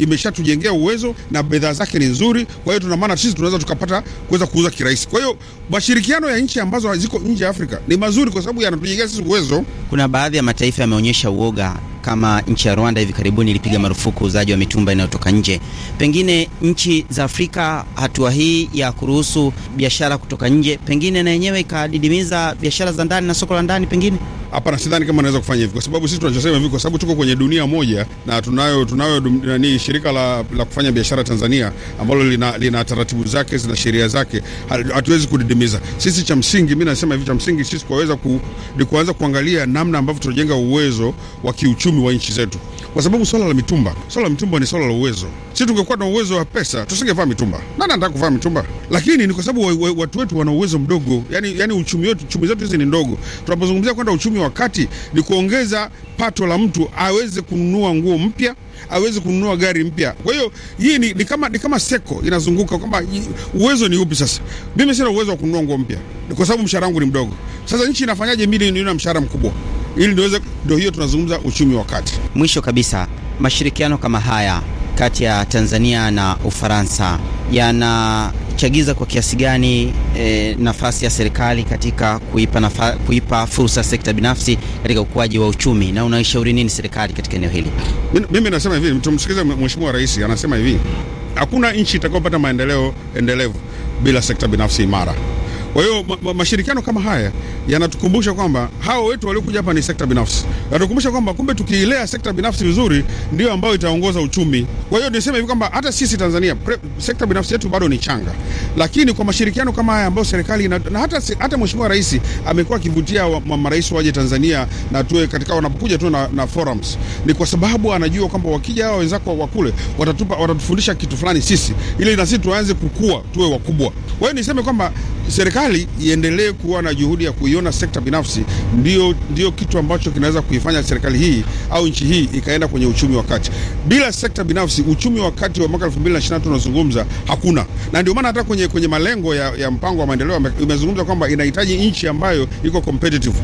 imeshatujengea ime uwezo na bidhaa zake ni nzuri kwa hiyo tuna maana sisi tunaweza tukapata kuweza kuuza kirahisi. Kwa hiyo mashirikiano ya nchi ambazo ziko nje ya Afrika ni mazuri, kwa sababu yanatujengea sisi uwezo. Kuna baadhi ya mataifa yameonyesha uoga kama nchi ya Rwanda hivi karibuni ilipiga marufuku uuzaji wa mitumba inayotoka nje. Pengine nchi za Afrika, hatua hii ya kuruhusu biashara kutoka nje, pengine na yenyewe ikadidimiza biashara za ndani na soko la ndani pengine Hapana, sidhani kama anaweza kufanya hivi, kwa sababu sisi tunachosema hivi, kwa sababu tuko kwenye dunia moja na tunayo tunayo nani, shirika la, la kufanya biashara Tanzania ambalo lina, lina taratibu zake zina sheria zake, hatuwezi kudidimiza sisi. Cha msingi mimi nasema hivi, cha msingi sisi kwaweza ku, kuanza kuangalia namna ambavyo tunajenga uwezo wa kiuchumi uchumi wa nchi zetu, kwa sababu swala la mitumba, swala la mitumba ni swala la uwezo. Sisi tungekuwa na uwezo wa pesa tusingevaa mitumba. Nani anataka kuvaa mitumba? Lakini ni kwa sababu wa, wa, watu wetu wana uwezo mdogo, yani, yani uchumi wetu, uchumi zetu hizi ni ndogo. Tunapozungumzia kwenda uchumi wa kati, ni kuongeza pato la mtu aweze kununua nguo mpya aweze kununua gari mpya. Kwa hiyo hii ni, ni, kama, ni kama seko inazunguka kwamba uwezo ni upi sasa. Mimi sina uwezo wa kununua nguo mpya kwa sababu mshahara wangu ni mdogo. Sasa nchi inafanyaje mimi niwe na mshahara mkubwa? ili ndiweze, ndio hiyo tunazungumza uchumi wa kati. Mwisho kabisa, mashirikiano kama haya kati ya Tanzania na Ufaransa yanachagiza kwa kiasi gani e, nafasi ya serikali katika kuipa, nafa, kuipa fursa sekta binafsi katika ukuaji wa uchumi, na unaishauri nini serikali katika eneo hili? Mimi nasema hivi, tumsikilize Mheshimiwa Rais anasema hivi, hakuna nchi itakayopata maendeleo endelevu bila sekta binafsi imara. Kwa hiyo ma, ma, mashirikiano kama haya yanatukumbusha kwamba hao wetu waliokuja hapa ni sekta binafsi, yanatukumbusha kwamba kumbe tukiilea sekta binafsi vizuri ndio ambayo itaongoza uchumi. Kwa hiyo niseme hivi kwamba hata sisi Tanzania pre, sekta binafsi yetu bado ni changa, lakini kwa mashirikiano kama haya ambayo serikali na, na hata, hata Mheshimiwa Rais amekuwa akivutia wa, marais waje Tanzania na tuwe katika wanapokuja tu na, na forums, ni kwa sababu anajua kwamba wakija hao wenzako wa kule watatupa watatufundisha kitu fulani sisi, ili na sisi tuanze kukua tuwe wakubwa. Kwa hiyo niseme kwamba serikali serikali iendelee kuwa na juhudi ya kuiona sekta binafsi, ndio, ndio kitu ambacho kinaweza kuifanya serikali hii au nchi hii ikaenda kwenye uchumi wa kati. Bila sekta binafsi, uchumi wa kati wa mwaka 2023 tunazungumza hakuna, na ndio maana hata kwenye, kwenye malengo ya, ya mpango wa maendeleo imezungumza kwamba inahitaji nchi ambayo iko competitive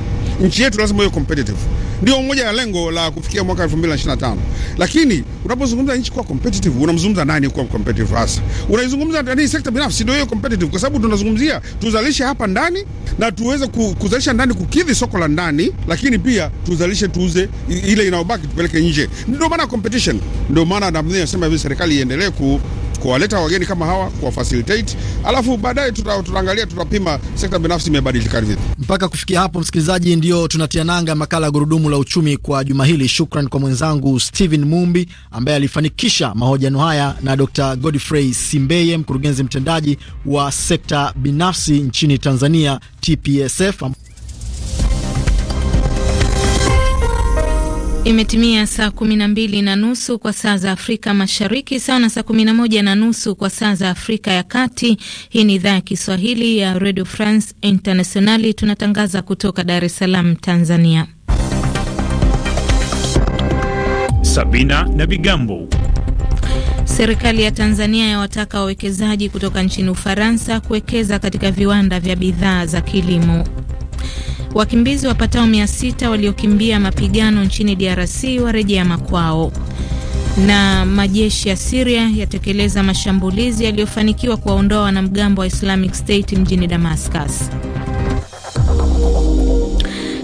nchi yetu lazima iwe competitive, ndio moja ya lengo la kufikia mwaka 2025. Lakini unapozungumza nchi kuwa competitive, unamzungumza nani kuwa competitive hasa? Unaizungumza nani? Sekta binafsi ndio hiyo competitive, kwa sababu tunazungumzia tuzalishe hapa ndani na tuweze kuzalisha ndani kukidhi soko la ndani, lakini pia tuzalishe, tuuze ile inayobaki tupeleke nje. Ndio maana competition, ndio maana nasema hivi serikali iendelee ku kuwaleta wageni kama hawa, facilitate, alafu baadaye tutaangalia, tutapima sekta binafsi imebadilika vipi. Mpaka kufikia hapo, msikilizaji, ndio tunatia nanga makala ya gurudumu la uchumi kwa juma hili. Shukran kwa mwenzangu Steven Mumbi ambaye alifanikisha mahojiano haya na Dr. Godfrey Simbeye, mkurugenzi mtendaji wa sekta binafsi nchini Tanzania TPSF. Imetimia saa kumi na mbili na nusu kwa saa za Afrika Mashariki, sawa na saa kumi na moja na nusu kwa saa za Afrika ya Kati. Hii ni idhaa ya Kiswahili ya Radio France Internationali, tunatangaza kutoka Dar es Salaam, Tanzania. Sabina na Bigambo. Serikali ya Tanzania yawataka wawekezaji kutoka nchini Ufaransa kuwekeza katika viwanda vya bidhaa za kilimo. Wakimbizi wapatao sita waliokimbia mapigano nchini DRC warejea makwao. Na majeshi ya siria yatekeleza mashambulizi yaliyofanikiwa kuwaondoa wanamgambo wa Islamic State mjini Damascus.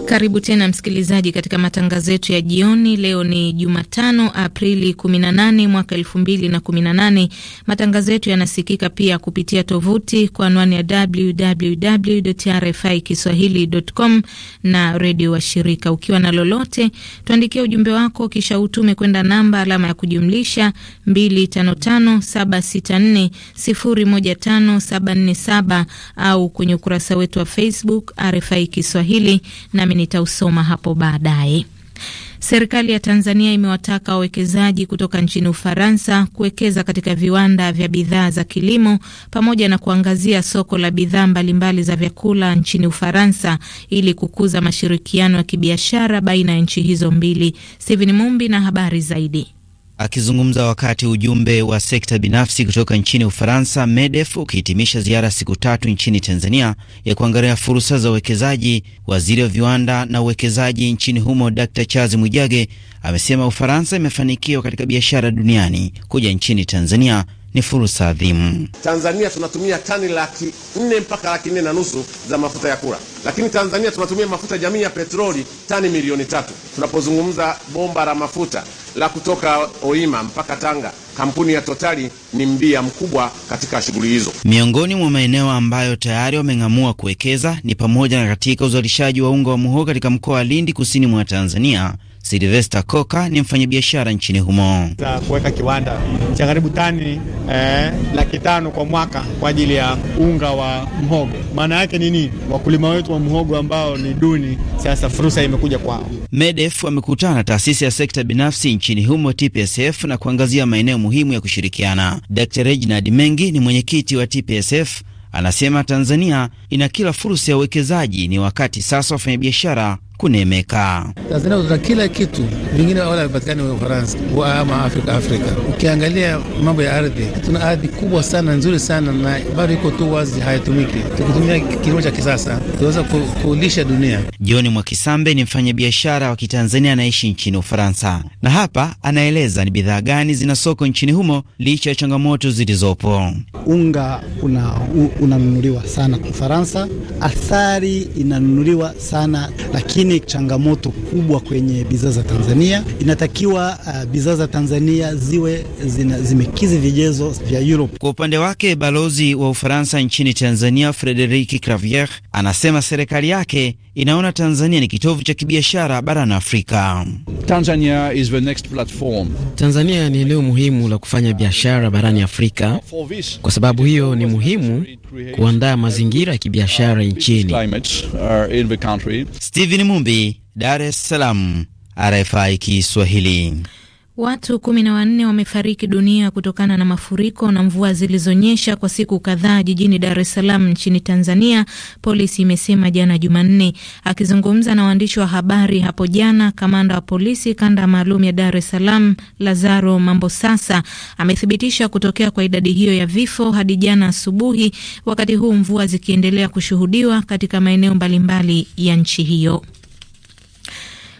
Karibu tena msikilizaji, katika matangazo yetu ya jioni. Leo ni Jumatano, Aprili 18 mwaka 2018. Matangazo yetu yanasikika pia kupitia tovuti kwa anwani ya www RFI kiswahili.com na redio wa shirika. Ukiwa na lolote, tuandikia ujumbe wako kisha utume kwenda namba alama ya kujumlisha 255764015747 au kwenye ukurasa wetu wa Facebook RFI Kiswahili nami nitausoma hapo baadaye. Serikali ya Tanzania imewataka wawekezaji kutoka nchini Ufaransa kuwekeza katika viwanda vya bidhaa za kilimo pamoja na kuangazia soko la bidhaa mbalimbali za vyakula nchini Ufaransa ili kukuza mashirikiano ya kibiashara baina ya nchi hizo mbili. Steven Mumbi na habari zaidi. Akizungumza wakati ujumbe wa sekta binafsi kutoka nchini Ufaransa, MEDEF, ukihitimisha ziara siku tatu nchini Tanzania ya kuangalia fursa za uwekezaji, waziri wa viwanda na uwekezaji nchini humo Dr Charles Mwijage amesema Ufaransa imefanikiwa katika biashara duniani. Kuja nchini Tanzania ni fursa adhimu. Tanzania tunatumia tani laki nne mpaka laki nne na nusu za mafuta ya kula, lakini Tanzania tunatumia mafuta jamii ya petroli tani milioni tatu. Tunapozungumza bomba la mafuta la kutoka Oima mpaka Tanga. Kampuni ya Totali ni mbia mkubwa katika shughuli hizo. Miongoni mwa maeneo ambayo tayari wameng'amua kuwekeza ni pamoja na katika uzalishaji wa unga wa muhogo katika mkoa wa Lindi kusini mwa Tanzania Silvester Koka ni mfanyabiashara nchini humo. za kuweka kiwanda cha karibu tani eh, laki tano kwa mwaka kwa ajili ya unga wa mhogo. Maana yake nini? Wakulima wetu wa mhogo ambao ni duni, sasa fursa imekuja kwao. MEDEF wamekutana na taasisi ya sekta binafsi nchini humo TPSF na kuangazia maeneo muhimu ya kushirikiana. Dr. Reginald Mengi ni mwenyekiti wa TPSF, anasema Tanzania ina kila fursa ya uwekezaji, ni wakati sasa wafanyabiashara kunemeka. Tanzania kila kitu, vingine wala havipatikani Ufaransa ama Afrika. Afrika ukiangalia mambo ya ardhi, tuna ardhi kubwa sana nzuri sana, na bado iko tu wazi, hayatumiki. Tukitumia kilimo cha kisasa tunaweza kulisha dunia. John Mwakisambe ni mfanyabiashara wa Kitanzania anaishi nchini Ufaransa, na hapa anaeleza ni bidhaa gani zina soko nchini humo licha ya changamoto zilizopo. Unga unanunuliwa sana Ufaransa, athari inanunuliwa sana lakini ni changamoto kubwa kwenye bidhaa za Tanzania. Inatakiwa uh, bidhaa za Tanzania ziwe zina, zimekizi vigezo vya Europe. Kwa upande wake balozi wa Ufaransa nchini Tanzania Frederic Cravier anasema serikali yake inaona Tanzania ni kitovu cha kibiashara barani Afrika. Tanzania is the next platform. Tanzania ni eneo muhimu la kufanya biashara barani Afrika. Kwa sababu hiyo ni muhimu kuandaa mazingira ya kibiashara uh, nchini. Stephen Mumbi, Dar es Salaam, RFI Kiswahili. Watu kumi na wanne wamefariki dunia kutokana na mafuriko na mvua zilizonyesha kwa siku kadhaa jijini Dar es Salaam nchini Tanzania, polisi imesema jana Jumanne. Akizungumza na waandishi wa habari hapo jana, kamanda wa polisi kanda maalum ya Dar es Salaam Lazaro Mambosasa amethibitisha kutokea kwa idadi hiyo ya vifo hadi jana asubuhi, wakati huu mvua zikiendelea kushuhudiwa katika maeneo mbalimbali ya nchi hiyo.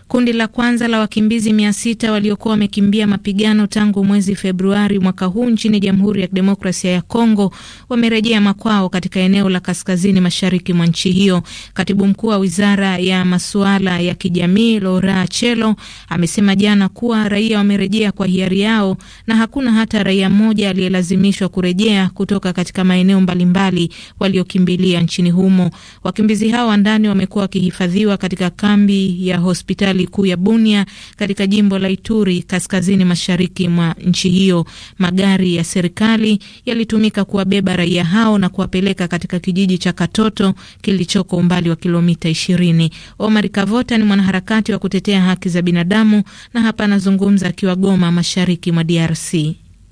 Kundi la kwanza la wakimbizi mia sita waliokuwa wamekimbia mapigano tangu mwezi Februari mwaka huu nchini Jamhuri ya Kidemokrasia ya Kongo wamerejea makwao katika eneo la kaskazini mashariki mwa nchi hiyo. Katibu mkuu wa wizara ya masuala ya kijamii lora Chelo amesema jana kuwa raia wamerejea kwa hiari yao na hakuna hata raia mmoja aliyelazimishwa kurejea kutoka katika maeneo mbalimbali waliokimbilia nchini humo. Wakimbizi hao wa ndani wamekuwa wakihifadhiwa katika kambi ya hospitali serikali kuu ya Bunia katika jimbo la Ituri kaskazini mashariki mwa nchi hiyo. Magari ya serikali yalitumika kuwabeba raia hao na kuwapeleka katika kijiji cha Katoto kilichoko umbali wa kilomita 20. Omar Kavota ni mwanaharakati wa kutetea haki za binadamu na hapa anazungumza akiwa Goma, mashariki mwa DRC.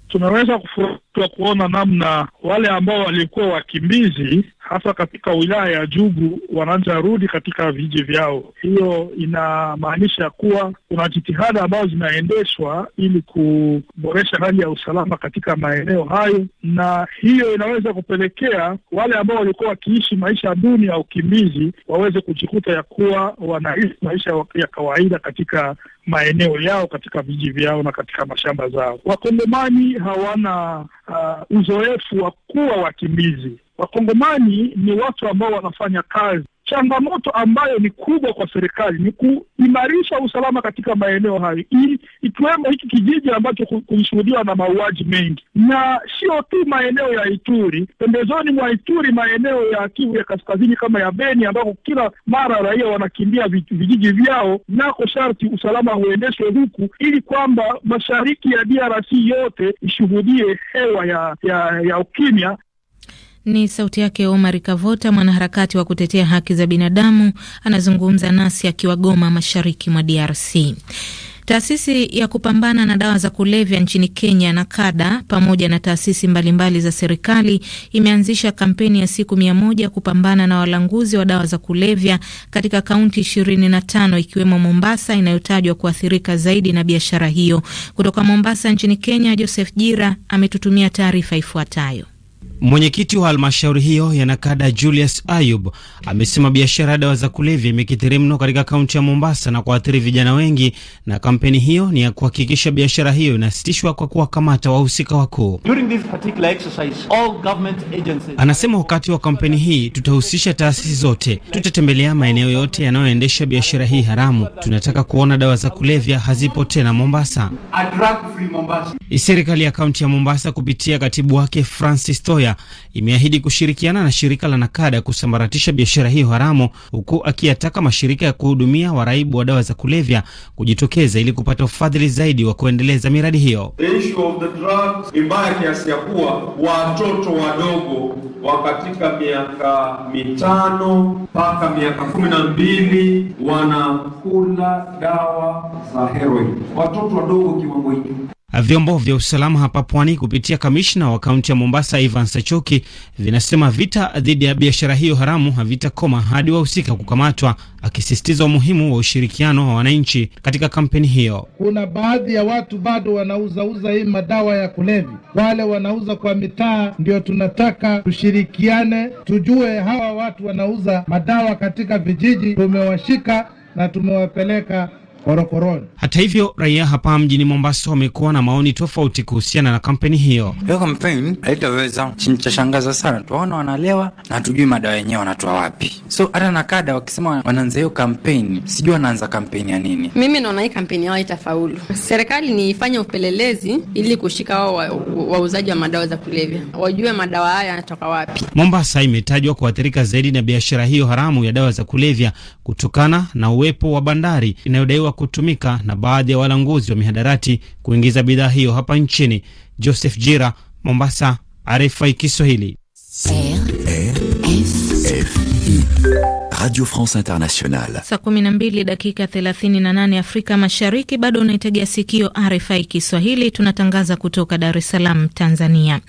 Tunaweza kufurahia kwa kuona namna wale ambao walikuwa wakimbizi hasa katika wilaya ya Jugu wanaanza rudi katika vijiji vyao. Hiyo inamaanisha kuwa kuna jitihada ambazo zinaendeshwa ili kuboresha hali ya usalama katika maeneo hayo, na hiyo inaweza kupelekea wale ambao walikuwa wakiishi maisha duni ya ukimbizi waweze kujikuta ya kuwa wanaishi maisha ya kawaida katika maeneo yao, katika vijiji vyao na katika mashamba zao. Wakongomani hawana uh, uzoefu wa kuwa wakimbizi. Wakongomani ni watu ambao wanafanya kazi changamoto ambayo ni kubwa kwa serikali ni kuimarisha usalama katika maeneo hayo, ikiwemo hiki kijiji ambacho kulishuhudiwa na mauaji mengi, na sio tu maeneo ya Ituri, pembezoni mwa Ituri, maeneo ya Kivu ya kaskazini kama ya Beni, ambako kila mara raia wanakimbia vijiji vyao, nako sharti usalama huendeshwe huku, ili kwamba mashariki ya DRC yote ishuhudie hewa ya ya, ya ukimya. Ni sauti yake Omar Kavota, mwanaharakati wa kutetea haki za binadamu, anazungumza nasi akiwa Goma, mashariki mwa DRC. Taasisi ya kupambana na dawa za kulevya nchini Kenya na kada pamoja na taasisi mbalimbali za serikali imeanzisha kampeni ya siku mia moja kupambana na walanguzi wa dawa za kulevya katika kaunti ishirini na tano ikiwemo Mombasa inayotajwa kuathirika zaidi na biashara hiyo. Kutoka Mombasa nchini Kenya, Joseph Jira ametutumia taarifa ifuatayo. Mwenyekiti wa halmashauri hiyo ya Nakada Julius Ayub amesema biashara ya dawa za kulevya imekithiri mno katika kaunti ya Mombasa na kuathiri vijana wengi, na kampeni hiyo ni ya kuhakikisha biashara hiyo inasitishwa kwa kuwakamata wahusika wakuu. Anasema wakati wa kampeni hii tutahusisha taasisi zote, tutatembelea maeneo yote yanayoendesha biashara hii haramu. Tunataka kuona dawa za kulevya hazipo tena Mombasa. Serikali ya kaunti ya Mombasa kupitia katibu wake Francis Toya Nigeria imeahidi kushirikiana na shirika la Nakada kusambaratisha biashara hiyo haramu, huku akiyataka mashirika ya kuhudumia waraibu wa dawa za kulevya kujitokeza ili kupata ufadhili zaidi wa kuendeleza miradi hiyo. Mbaya kiasi ya kuwa watoto wadogo wa katika miaka mitano mpaka miaka kumi na mbili wanakula dawa za heroin, watoto wadogo kiwango hiki. Uh, vyombo vya usalama hapa pwani kupitia kamishna wa kaunti ya Mombasa Ivan Sachoki vinasema vita dhidi ya biashara hiyo haramu havitakoma hadi wahusika kukamatwa, akisisitiza umuhimu wa ushirikiano wa wananchi katika kampeni hiyo. Kuna baadhi ya watu bado wanauzauza hii madawa ya kulevi, wale wanauza kwa mitaa, ndio tunataka tushirikiane, tujue hawa watu wanauza madawa katika vijiji, tumewashika na tumewapeleka korokoroni. Hata hivyo, raia hapa mjini Mombasa wamekuwa na maoni tofauti kuhusiana na kampeni hiyo. Hiyo kampeni haitaweza chimchashangaza sana, tuwaona wanalewa na hatujui madawa yenyewe wanatoa wapi. So hata na kada wakisema wanaanza hiyo kampeni, sijui wanaanza kampeni ya nini. Mimi naona hii kampeni yao itafaulu. Serikali ni ifanye upelelezi ili kushika wao wauzaji wa, wa, wa madawa za kulevya, wajue madawa haya yanatoka wapi. Mombasa imetajwa kuathirika zaidi na biashara hiyo haramu ya dawa za kulevya kutokana na uwepo wa bandari inayodaiwa kutumika na baadhi ya walanguzi wa mihadarati kuingiza bidhaa hiyo hapa nchini. Joseph Jira, Mombasa, RFI Kiswahili. RFI Radio France Internationale. Saa 12 dakika 38 Afrika Mashariki, bado unaitegea sikio RFI Kiswahili, tunatangaza kutoka Dar es Salaam, Tanzania.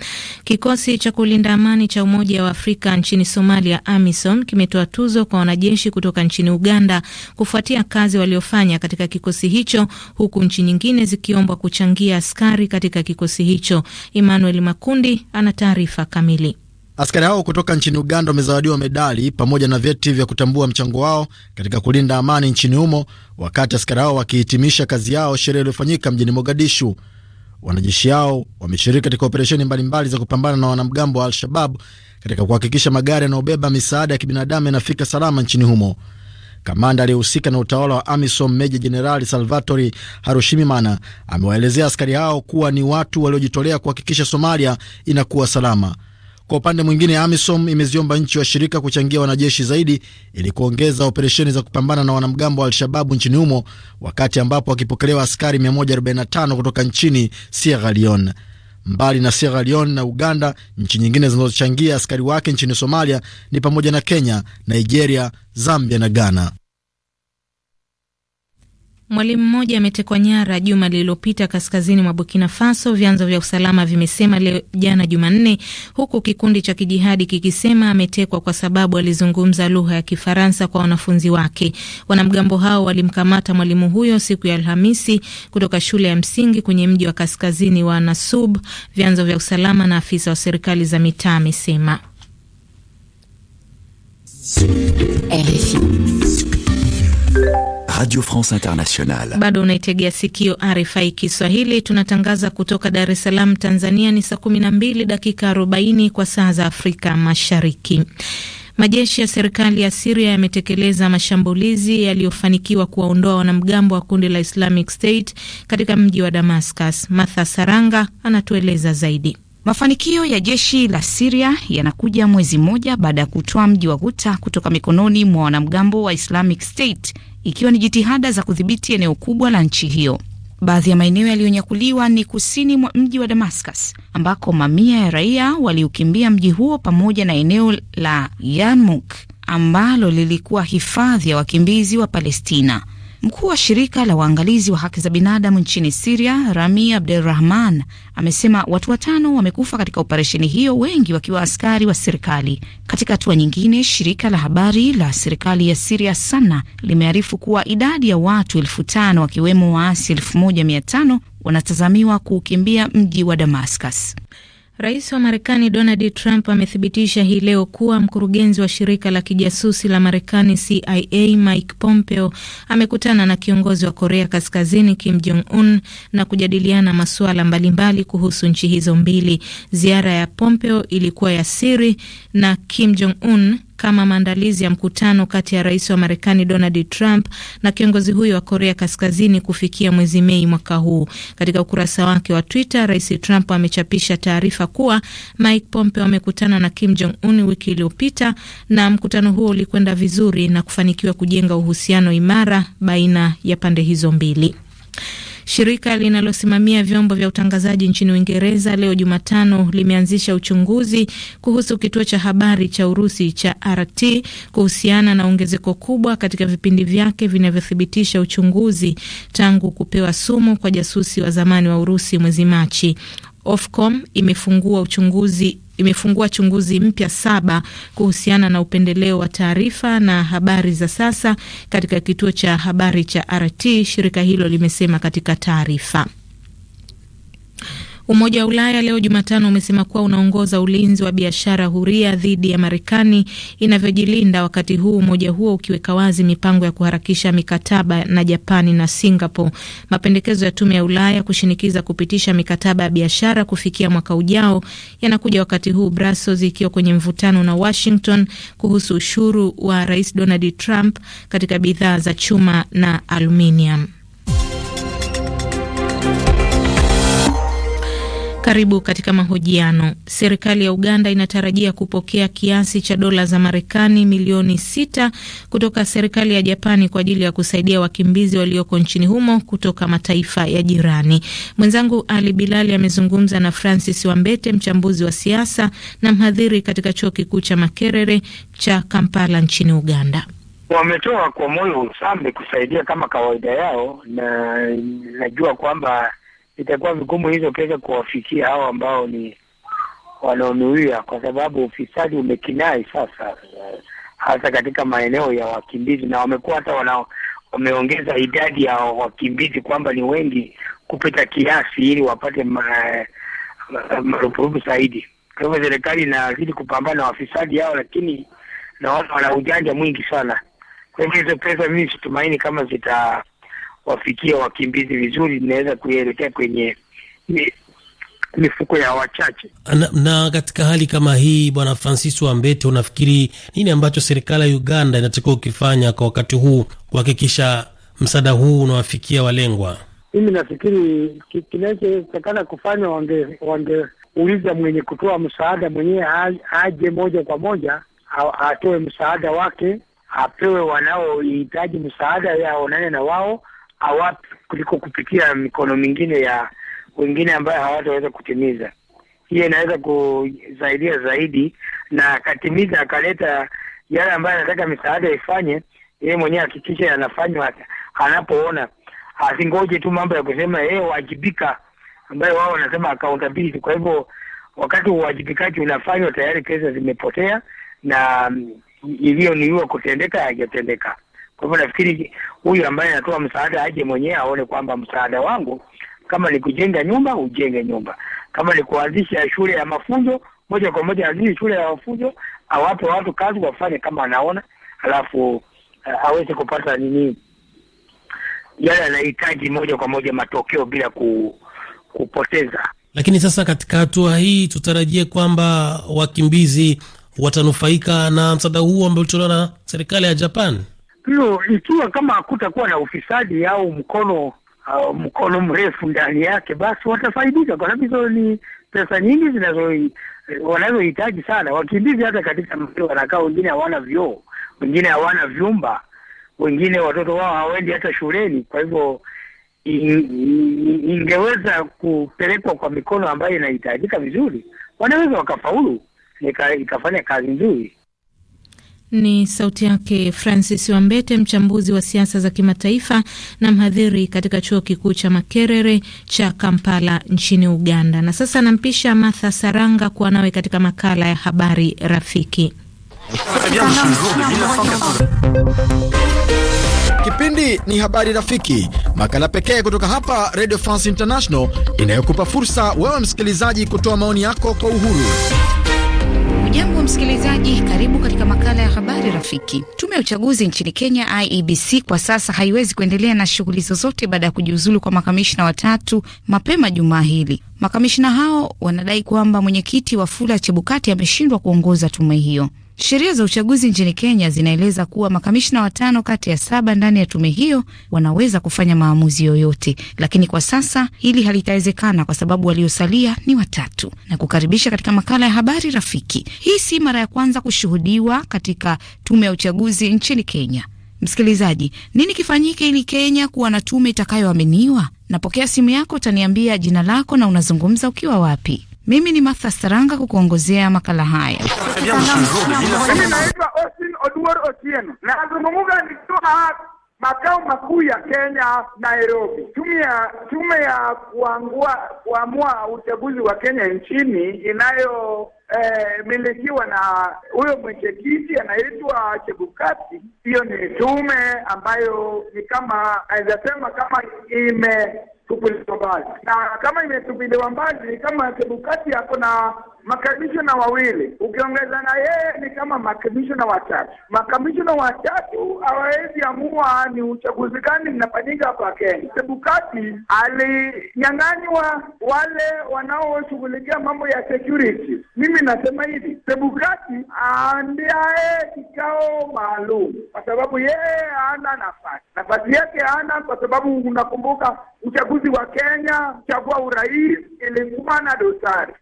Kikosi cha kulinda amani cha Umoja wa Afrika nchini Somalia, AMISOM, kimetoa tuzo kwa wanajeshi kutoka nchini Uganda kufuatia kazi waliofanya katika kikosi hicho, huku nchi nyingine zikiombwa kuchangia askari katika kikosi hicho. Emmanuel Makundi ana taarifa kamili. Askari hao kutoka nchini Uganda wamezawadiwa medali pamoja na vyeti vya kutambua mchango wao katika kulinda amani nchini humo, wakati askari hao wakihitimisha kazi yao, sherehe iliyofanyika mjini Mogadishu. Wanajeshi hao wameshiriki katika operesheni mbalimbali za kupambana na wanamgambo wa Al-Shabab katika kuhakikisha magari yanayobeba misaada ya kibinadamu yanafika salama nchini humo. Kamanda aliyehusika na utawala wa AMISOM Meja Jenerali Salvatori Harushimimana amewaelezea askari hao kuwa ni watu waliojitolea kuhakikisha Somalia inakuwa salama. Kwa upande mwingine, AMISOM imeziomba nchi washirika kuchangia wanajeshi zaidi ili kuongeza operesheni za kupambana na wanamgambo wa Al-Shababu nchini humo, wakati ambapo wakipokelewa askari 145 kutoka nchini Sierra Leone. Mbali na Sierra Leone na Uganda, nchi nyingine zinazochangia askari wake nchini Somalia ni pamoja na Kenya, Nigeria, Zambia na Ghana. Mwalimu mmoja ametekwa nyara juma lililopita kaskazini mwa Burkina Faso, vyanzo vya usalama vimesema leo jana Jumanne, huku kikundi cha kijihadi kikisema ametekwa kwa sababu alizungumza lugha ya Kifaransa kwa wanafunzi wake. Wanamgambo hao walimkamata mwalimu huyo siku ya Alhamisi kutoka shule ya msingi kwenye mji wa kaskazini wa Nasub, vyanzo vya usalama na afisa wa serikali za mitaa amesema. Radio France Internationale. Bado unaitegea sikio RFI Kiswahili, tunatangaza kutoka Dar es Salaam, Tanzania. Ni saa 12 dakika 40 kwa saa za Afrika Mashariki. Majeshi ya serikali ya Siria yametekeleza mashambulizi yaliyofanikiwa kuwaondoa wanamgambo wa kundi la Islamic State katika mji wa Damascus. Martha Saranga anatueleza zaidi. Mafanikio ya jeshi la Siria yanakuja mwezi mmoja baada ya kutoa mji wa Ghuta kutoka mikononi mwa wanamgambo wa Islamic State ikiwa ni jitihada za kudhibiti eneo kubwa la nchi hiyo. Baadhi ya maeneo yaliyonyakuliwa ni kusini mwa mji wa Damascus ambako mamia ya raia waliukimbia mji huo pamoja na eneo la Yarmouk ambalo lilikuwa hifadhi ya wakimbizi wa Palestina. Mkuu wa shirika la waangalizi wa haki za binadamu nchini Siria, Rami Abdurrahman, amesema watu watano wamekufa katika operesheni hiyo, wengi wakiwa askari wa serikali. Katika hatua nyingine, shirika la habari la serikali ya Siria Sana limearifu kuwa idadi ya watu elfu tano wakiwemo waasi elfu moja mia tano wanatazamiwa kuukimbia mji wa Damascus. Rais wa Marekani Donald Trump amethibitisha hii leo kuwa mkurugenzi wa shirika la kijasusi la Marekani CIA Mike Pompeo amekutana na kiongozi wa Korea Kaskazini Kim Jong Un na kujadiliana masuala mbalimbali kuhusu nchi hizo mbili. Ziara ya Pompeo ilikuwa ya siri na Kim Jong Un kama maandalizi ya mkutano kati ya rais wa Marekani Donald Trump na kiongozi huyo wa Korea Kaskazini kufikia mwezi Mei mwaka huu. Katika ukurasa wake wa Twitter, Rais Trump amechapisha taarifa kuwa Mike Pompeo amekutana na Kim Jong Un wiki iliyopita na mkutano huo ulikwenda vizuri na kufanikiwa kujenga uhusiano imara baina ya pande hizo mbili. Shirika linalosimamia vyombo vya utangazaji nchini Uingereza leo Jumatano limeanzisha uchunguzi kuhusu kituo cha habari cha Urusi cha RT kuhusiana na ongezeko kubwa katika vipindi vyake vinavyothibitisha uchunguzi tangu kupewa sumu kwa jasusi wa zamani wa Urusi mwezi Machi. Ofcom imefungua uchunguzi imefungua chunguzi mpya saba kuhusiana na upendeleo wa taarifa na habari za sasa katika kituo cha habari cha RT, shirika hilo limesema katika taarifa. Umoja wa Ulaya leo Jumatano umesema kuwa unaongoza ulinzi wa biashara huria dhidi ya Marekani inavyojilinda, wakati huu umoja huo ukiweka wazi mipango ya kuharakisha mikataba na Japani na Singapore. Mapendekezo ya tume ya Ulaya kushinikiza kupitisha mikataba ya biashara kufikia mwaka ujao yanakuja wakati huu Brussels ikiwa kwenye mvutano na Washington kuhusu ushuru wa Rais Donald Trump katika bidhaa za chuma na aluminium. Karibu katika mahojiano. Serikali ya Uganda inatarajia kupokea kiasi cha dola za Marekani milioni sita kutoka serikali ya Japani kwa ajili ya kusaidia wakimbizi walioko nchini humo kutoka mataifa ya jirani. Mwenzangu Ali Bilali amezungumza na Francis Wambete, mchambuzi wa siasa na mhadhiri katika chuo kikuu cha Makerere cha Kampala nchini Uganda. Wametoa kwa moyo usambe kusaidia kama kawaida yao, na najua kwamba itakuwa vigumu hizo kuweza kuwafikia hao ambao ni wanaonuia, kwa sababu ufisadi umekinai sasa, hasa katika maeneo ya wakimbizi, na wamekuwa hata wana wameongeza idadi ya wakimbizi kwamba ni wengi kupita kiasi, ili wapate marupurupu zaidi. Kwa hivyo serikali inazidi kupambana na wafisadi hao, lakini naona wana ujanja mwingi sana. Kwa hivyo hizo pesa mimi situmaini kama zita wafikia wakimbizi vizuri, inaweza kuelekea kwenye mifuko ya wachache. Na, na katika hali kama hii, Bwana Francis Wambete, unafikiri nini ambacho serikali ya Uganda inatakiwa ukifanya kwa wakati huu kuhakikisha msaada huu unawafikia walengwa? Mimi nafikiri kinachotakana kufanya, wangeuliza mwenye kutoa msaada mwenyewe aje moja kwa moja atoe msaada wake, apewe wanaohitaji msaada, yaonane na wao awapi kuliko kupitia mikono mingine ya wengine ambayo hawataweza kutimiza. Hiyo inaweza kusaidia zaidi, na akatimiza akaleta yale ambayo anataka misaada ifanye, yeye mwenyewe hakikisha yanafanywa anapoona, asingoje tu mambo ya kusema yeye wajibika, ambayo wao wanasema accountability. Kwa hivyo wakati uwajibikaji unafanywa tayari kesa zimepotea na mm, iliyoniiwa kutendeka haijatendeka. Kwa hivyo nafikiri huyu ambaye anatoa msaada aje mwenyewe aone kwamba msaada wangu kama ni kujenga nyumba, ujenge nyumba. Kama ni kuanzisha shule ya mafunzo, moja kwa moja anzishe shule ya mafunzo, awape watu kazi wafanye kama anaona, alafu uh, aweze kupata nini yale anahitaji moja kwa moja matokeo bila ku, kupoteza. Lakini sasa katika hatua hii tutarajie kwamba wakimbizi watanufaika na msaada huu ambao ulitolewa na serikali ya Japan hiyo ikiwa kama hakutakuwa na ufisadi au mkono uh, mkono mrefu ndani yake, basi watafaidika kwa sababu hizo ni pesa nyingi zinazo wanazohitaji sana wakimbizi. Hata katika mji wanakaa wengine hawana vyoo, wengine hawana vyumba, wengine watoto wao hawaendi hata shuleni. Kwa hivyo ingeweza kupelekwa kwa mikono ambayo inahitajika vizuri, wanaweza wakafaulu, ikafanya kazi nzuri. Ni sauti yake Francis Wambete, mchambuzi wa siasa za kimataifa na mhadhiri katika chuo kikuu cha Makerere cha Kampala nchini Uganda. Na sasa anampisha Martha Saranga kuwa nawe katika makala ya habari rafiki. Kipindi ni habari rafiki, makala pekee kutoka hapa Radio France International inayokupa fursa wewe msikilizaji kutoa maoni yako kwa uhuru. Ujambo msikilizaji, karibu katika makala ya habari rafiki. Tume ya uchaguzi nchini Kenya, IEBC, kwa sasa haiwezi kuendelea na shughuli zozote baada ya kujiuzulu kwa makamishna watatu mapema jumaa hili. Makamishna hao wanadai kwamba mwenyekiti Wafula Chebukati ameshindwa kuongoza tume hiyo. Sheria za uchaguzi nchini Kenya zinaeleza kuwa makamishna watano kati ya saba ndani ya tume hiyo wanaweza kufanya maamuzi yoyote, lakini kwa sasa hili halitawezekana kwa sababu waliosalia ni watatu. Na kukaribisha katika makala ya habari rafiki. Hii si mara ya kwanza kushuhudiwa katika tume ya uchaguzi nchini Kenya. Msikilizaji, nini kifanyike ili Kenya kuwa na tume itakayoaminiwa? Napokea simu yako, utaniambia jina lako na unazungumza ukiwa wapi. Mimi ni Martha Saranga kukuongozea makala haya. Mimi naitwa Austin Oduor Otieno nikiwa makao makuu ya Kenya, Nairobi. Tume ya kuamua uchaguzi wa Kenya nchini inayo Eh, milikiwa na huyo mwenyekiti anaitwa Chebukati. Hiyo ni tume ambayo ni kama aweza sema kama ime tupiliwa mbali, na kama imetupiliwa mbali, kama Chebukati yako na makamishona wawili, ukiongeza na yeye ni kama makamishona watatu. Makamishona watatu hawawezi amua ni uchaguzi gani mnafanyika hapa Kenya. Sebukati alinyang'anywa wale wanaoshughulikia mambo ya security. Mimi nasema hivi, Sebukati aandae kikao maalum, kwa sababu yeye hana nafasi. Nafasi yake hana, kwa sababu unakumbuka uchaguzi wa Kenya, chagua urais ilikuwa na dosari.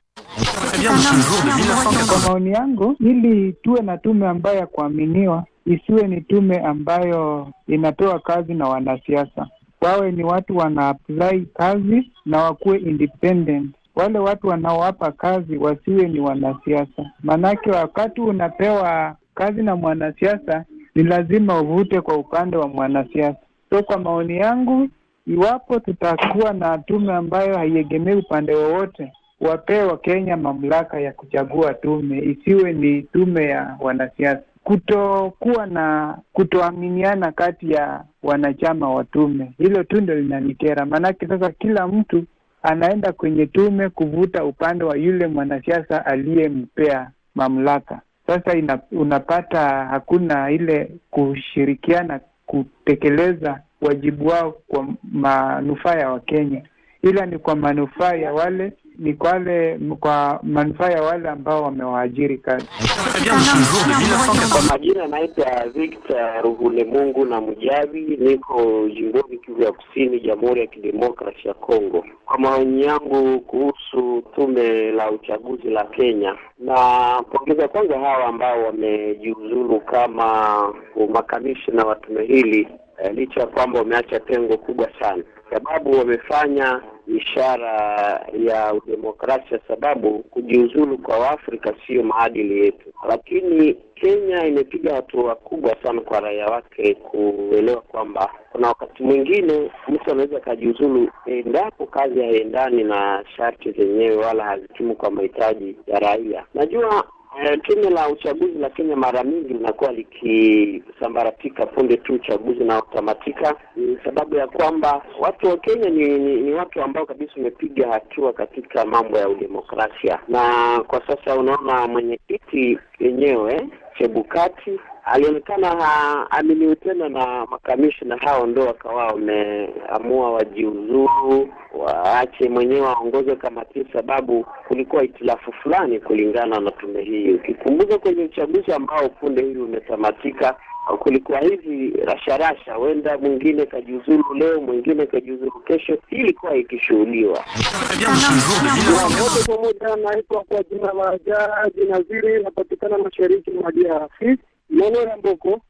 Kwa maoni yangu, ili tuwe na tume ambayo ya kuaminiwa, isiwe ni tume ambayo inapewa kazi na wanasiasa. Wawe ni watu wana apply kazi na wakuwe independent. Wale watu wanaowapa kazi wasiwe ni wanasiasa, maanake wakati unapewa kazi na mwanasiasa ni lazima uvute kwa upande wa mwanasiasa. So kwa maoni yangu, iwapo tutakuwa na tume ambayo haiegemei upande wowote wapee kenya mamlaka ya kuchagua tume, isiwe ni tume ya wanasiasa. Kutokuwa na kutoaminiana kati ya wanachama wa tume, hilo tu ndo linanikera, maanake sasa kila mtu anaenda kwenye tume kuvuta upande wa yule mwanasiasa aliyempea mamlaka. Sasa ina, unapata hakuna ile kushirikiana kutekeleza wajibu wao kwa manufaa ya Wakenya, ila ni kwa manufaa ya wale ni kwale kwa manufaa ya wale ambao wamewaajiri kazi. Kwa majina naitwa Victor Ruhulemungu na Mjavi, niko jimboni Kivu ya Kusini, Jamhuri ya Kidemokrasi ya Kongo. Kwa maoni yangu kuhusu tume la uchaguzi la Kenya, napongeza kwanza hawa ambao wamejiuzulu kama makamishna wa tume hili, eh, licha ya kwamba wameacha pengo kubwa sana, sababu wamefanya ishara ya udemokrasia, sababu kujiuzulu kwa Waafrika sio maadili yetu. Lakini Kenya imepiga hatua kubwa sana kwa raia wake kuelewa kwamba kuna wakati mwingine mtu anaweza akajiuzulu endapo kazi haiendani na sharti zenyewe wala hazitumu kwa mahitaji ya raia. Najua Eh, tume la uchaguzi la Kenya mara mingi linakuwa likisambaratika punde tu uchaguzi unaotamatika, sababu ya kwamba watu wa Kenya ni, ni, ni watu ambao kabisa wamepiga hatua katika mambo ya udemokrasia, na kwa sasa unaona mwenyekiti yenyewe Chebukati alionekana haaminiwi tena na makamishna hao, ndo wakawa wameamua wajiuzuru, waache mwenyewe waongoze kamati, sababu kulikuwa itilafu fulani kulingana na tume hii. Ukikumbuka kwenye uchaguzi ambao punde hivi umetamatika, kulikuwa hivi rasharasha, huenda mwingine kajiuzuru leo, mwingine kajiuzuru kesho. Hii ilikuwa ikishuhudiwa moja kwa moja. kwa jina la Jaji Naziri, inapatikana mashariki mwa DRC. Manora Mboko.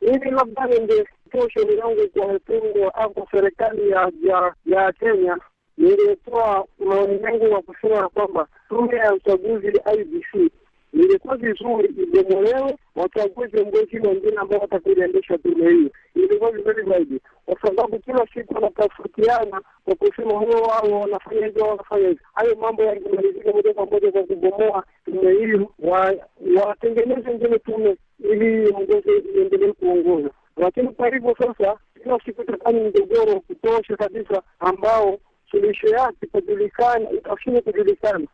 Hivi labda ningetoa shauri yangu kwa wetungo hapo serikali ya, ya, ya Kenya, ningetoa maoni yangu wa kusema kwamba tume ya uchaguzi IBC ilikuwa vizuri ibomolewe, wachague viongozi wengine ambao watakuendesha tume hiyo, ilikuwa vizuri zaidi, kwa sababu kila siku wanatafutiana kwa kusema huo oh, wao wanafanya hivyo, wanafanya hivyo. Hayo mambo yangemalizika moja kwa moja kwa kubomoa tume hiyo, watengeneze ngine tume ili mgonjwa iendelee kuongoza. Lakini kwa hivyo sasa, kila siku itakuwa ni mgogoro kutosha kabisa ambao suluhisho yake itajulikana, itafanya kujulikana.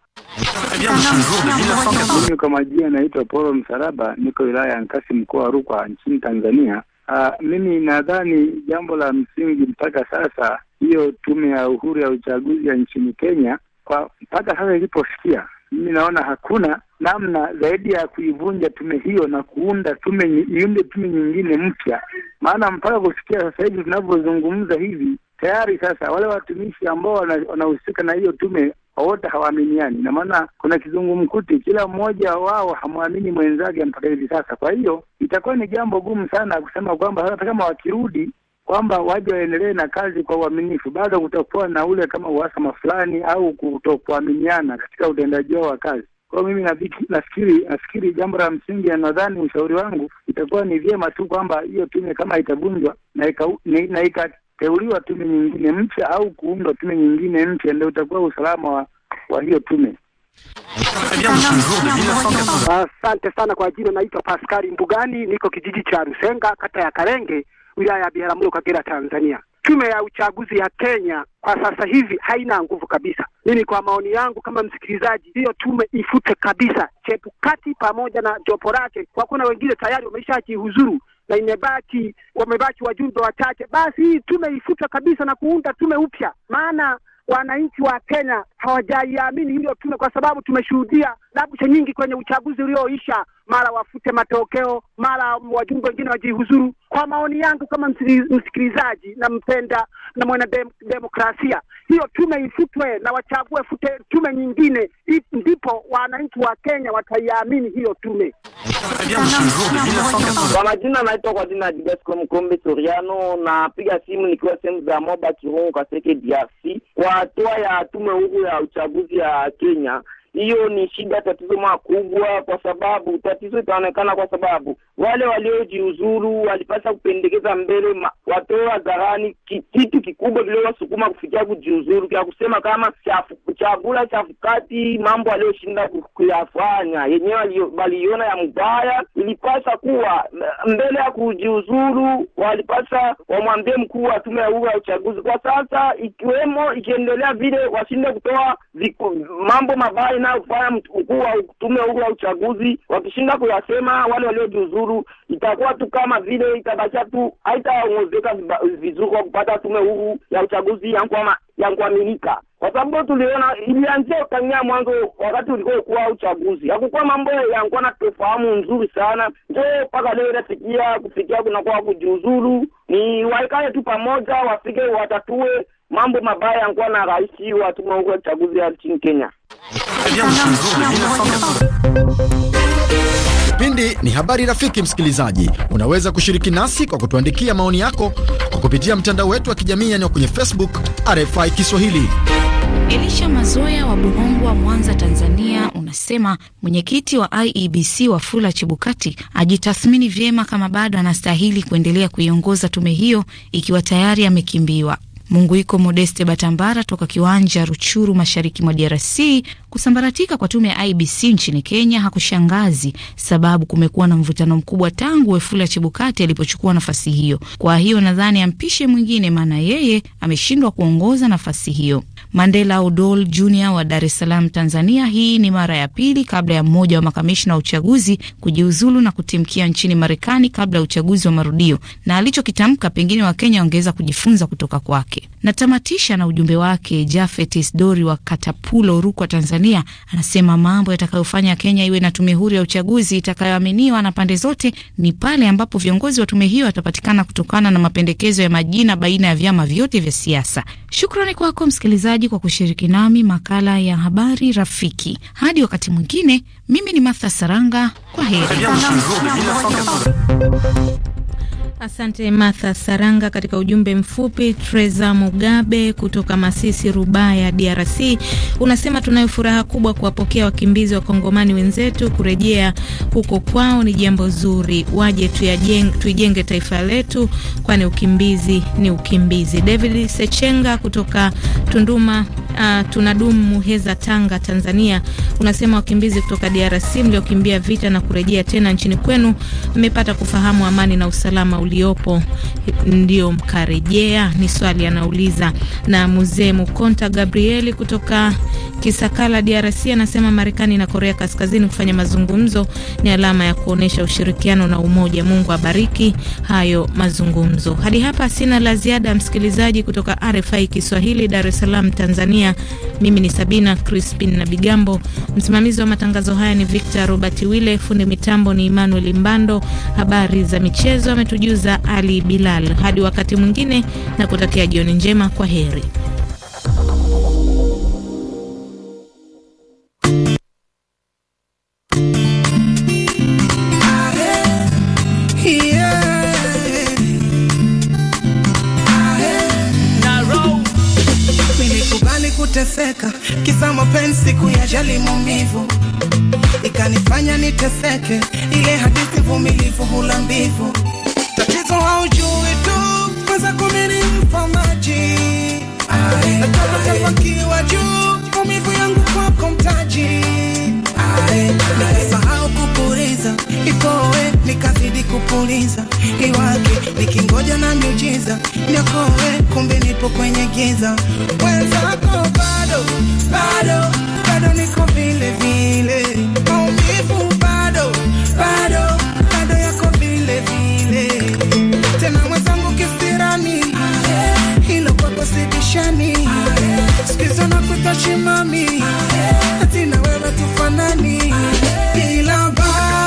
Mimi kwa majina naitwa Polo msaraba niko wilaya ya Nkasi, mkoa wa Rukwa, nchini Tanzania. Uh, mimi nadhani jambo la msingi mpaka sasa hiyo tume ya uhuru ya uchaguzi ya nchini Kenya kwa mpaka sasa ilipofikia mimi naona hakuna namna zaidi ya kuivunja tume hiyo na kuunda tume, iunde tume nyingine mpya, maana mpaka kufikia sasa hivi tunavyozungumza hivi tayari sasa wale watumishi ambao wanahusika na hiyo tume wote hawaaminiani, na maana kuna kizungumkuti, kila mmoja wao hamwamini mwenzake mpaka hivi sasa. Kwa hiyo itakuwa ni jambo gumu sana kusema kwamba hata kama wakirudi kwamba waje waendelee na kazi kwa uaminifu. Bado kutakuwa na ule kama uhasama fulani au kutokuaminiana katika utendaji wao wa kazi. Kwa mimi nafikiri nafikiri jambo la msingi, nadhani ushauri wangu itakuwa ni vyema tu kwamba hiyo tume kama itavunjwa na ika, na ikateuliwa tume nyingine mpya au kuundwa tume nyingine mpya, ndio utakuwa usalama wa, wa hiyo tume. Asante sana kwa ajili naitwa Paskari Mbugani, niko kijiji cha Rusenga, kata ya Karenge wilaya ya Biharamulo, Kagera, Tanzania. Tume ya uchaguzi ya Kenya kwa sasa hivi haina nguvu kabisa. Mimi kwa maoni yangu kama msikilizaji, hiyo tume ifute kabisa, Chebukati pamoja na jopo lake, kwa kuna wengine tayari wameishajihuzuru na imebaki wamebaki wajumbe wachache, basi hii tume ifutwe kabisa na kuunda tume upya, maana wananchi wa Kenya hawajaiamini hiyo tume, kwa sababu tumeshuhudia labsha nyingi kwenye uchaguzi ulioisha mara wafute matokeo, mara wajumbe wengine wajihuzuru. Kwa maoni yangu kama msikilizaji na mpenda na mwana dem, demokrasia, hiyo tume ifutwe na wachague fute tume nyingine, ndipo wananchi wa Kenya wataiamini hiyo tume. Kwa majina naitwa kwa jina Digasco Mkombe Soriano, napiga simu nikiwa sehemu za Moba Kirungu Kaseke, DRC, kwa hatua ya tume huru ya uchaguzi ya Kenya hiyo ni shida, tatizo makubwa, kwa sababu tatizo itaonekana, kwa sababu wale waliojiuzuru walipasa kupendekeza mbele ma, watoa hadharani kitu kikubwa vile wasukuma kufikia kujiuzuru, kya kusema kama chakula cha fukati, mambo aliyoshinda kuyafanya yenyewe waliiona ya mbaya. Ilipasa kuwa mbele ya kujiuzuru, walipasa wamwambie mkuu wa tume ya uga ya uchaguzi. Kwa sasa ikiwemo ikiendelea vile, washinde kutoa mambo mabaya namna kufanya mkuu wa tume huru ya uchaguzi. Wakishinda kuyasema wale waliojiuzuru, itakuwa tu kama vile itabakia tu, haitaongozeka vizuri kwa kupata tume huru ya uchaguzi ya kuaminika kwa sababu tuliona ilianzia tangia mwanzo, wakati ulikuwa kuwa uchaguzi hakukuwa mambo yankuwa na tofahamu nzuri sana, njo mpaka leo inafikia kufikia kunakuwa kujiuzuru Ni waikae tu pamoja, wafike watatue mambo mabaya yanakuwa na rahisi wa tume huru ya ya nchini Kenya. Kipindi ni habari rafiki. Msikilizaji, unaweza kushiriki nasi kwa kutuandikia maoni yako kwa kupitia mtandao wetu wa kijamii yaani kwenye Facebook RFI Kiswahili. Elisha Mazoya wa Burongwa, Mwanza, Tanzania, unasema mwenyekiti wa IEBC Wafula Chebukati ajitathmini vyema kama bado anastahili kuendelea kuiongoza tume hiyo ikiwa tayari amekimbiwa. Munguiko Modeste Batambara toka kiwanja Ruchuru, mashariki mwa DRC. Kusambaratika kwa tume ya IBC nchini Kenya hakushangazi, sababu kumekuwa na mvutano mkubwa tangu Wefula Chebukati alipochukua nafasi hiyo. Kwa hiyo nadhani ampishe mwingine, maana yeye ameshindwa kuongoza nafasi hiyo. Mandela Odol jr wa Dar es Salaam, Tanzania. Hii ni mara ya pili kabla ya mmoja wa makamishna wa uchaguzi kujiuzulu na kutimkia nchini Marekani kabla ya uchaguzi wa marudio, na alichokitamka pengine Wakenya wangeweza kujifunza kutoka kwake. Natamatisha na ujumbe wake. Jafet Isdori wa Katapulo, Rukwa, Tanzania, anasema mambo yatakayofanya Kenya iwe na tume huru ya uchaguzi itakayoaminiwa na pande zote ni pale ambapo viongozi wa tume hiyo watapatikana kutokana na mapendekezo ya majina baina ya vyama vyote vya siasa. Shukrani kwako msikilizaji kwa kushiriki nami makala ya habari rafiki. Hadi wakati mwingine, mimi ni Martha Saranga, kwa heri. Asante Martha Saranga. Katika ujumbe mfupi, Treza Mugabe kutoka Masisi Rubaya, DRC, unasema tunayo furaha kubwa kuwapokea wakimbizi wa Kongomani wenzetu kurejea huko kwao, ni jambo zuri, waje tuijenge taifa letu, kwani ukimbizi ni ukimbizi. David Sechenga kutoka Tunduma uh, tunadumu Muheza, Tanga, Tanzania, unasema wakimbizi kutoka DRC mliokimbia vita na kurejea tena nchini kwenu mmepata kufahamu amani na usalama uliopo, ndio mkarejea? Ni swali anauliza. Na mzee Mukonta Gabrieli kutoka Kisakala, DRC, anasema Marekani na Korea Kaskazini kufanya mazungumzo ni alama ya kuonesha ushirikiano na umoja. Mungu abariki hayo mazungumzo. Hadi hapa sina la ziada, msikilizaji, kutoka RFI Kiswahili, Dar es Salaam, Tanzania dunia. Mimi ni Sabina Crispin na Bigambo. Msimamizi wa matangazo haya ni Victor Robert Wile, fundi mitambo ni Emmanuel Mbando. Habari za michezo ametujuza Ali Bilal. Hadi wakati mwingine, na kutakia jioni njema. Kwa heri. uteseke, ile hadithi vumilivu hula mbivu. Tatizo haujui tu, kwanza kumeni mpa maji nakiwa juu, maumivu yangu kwako mtaji, nikisahau kupuliza ikowe, nikazidi kupuliza iwake, nikingoja na miujiza niokowe, kumbe nipo kwenye giza, wenzako bado bado bado niko vile vile maumivu kutoshi mami, ati na wewe tufanani ila baa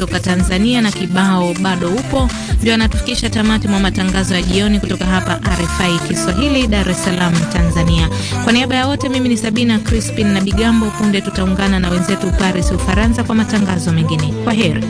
kutoka Tanzania na kibao bado upo, ndio anatufikisha tamati mwa matangazo ya jioni kutoka hapa RFI Kiswahili, Dar es Salaam, Tanzania. Kwa niaba ya wote, mimi ni Sabina Crispin na Bigambo. Punde tutaungana na wenzetu Paris, Ufaransa, kwa matangazo mengine. Kwa heri.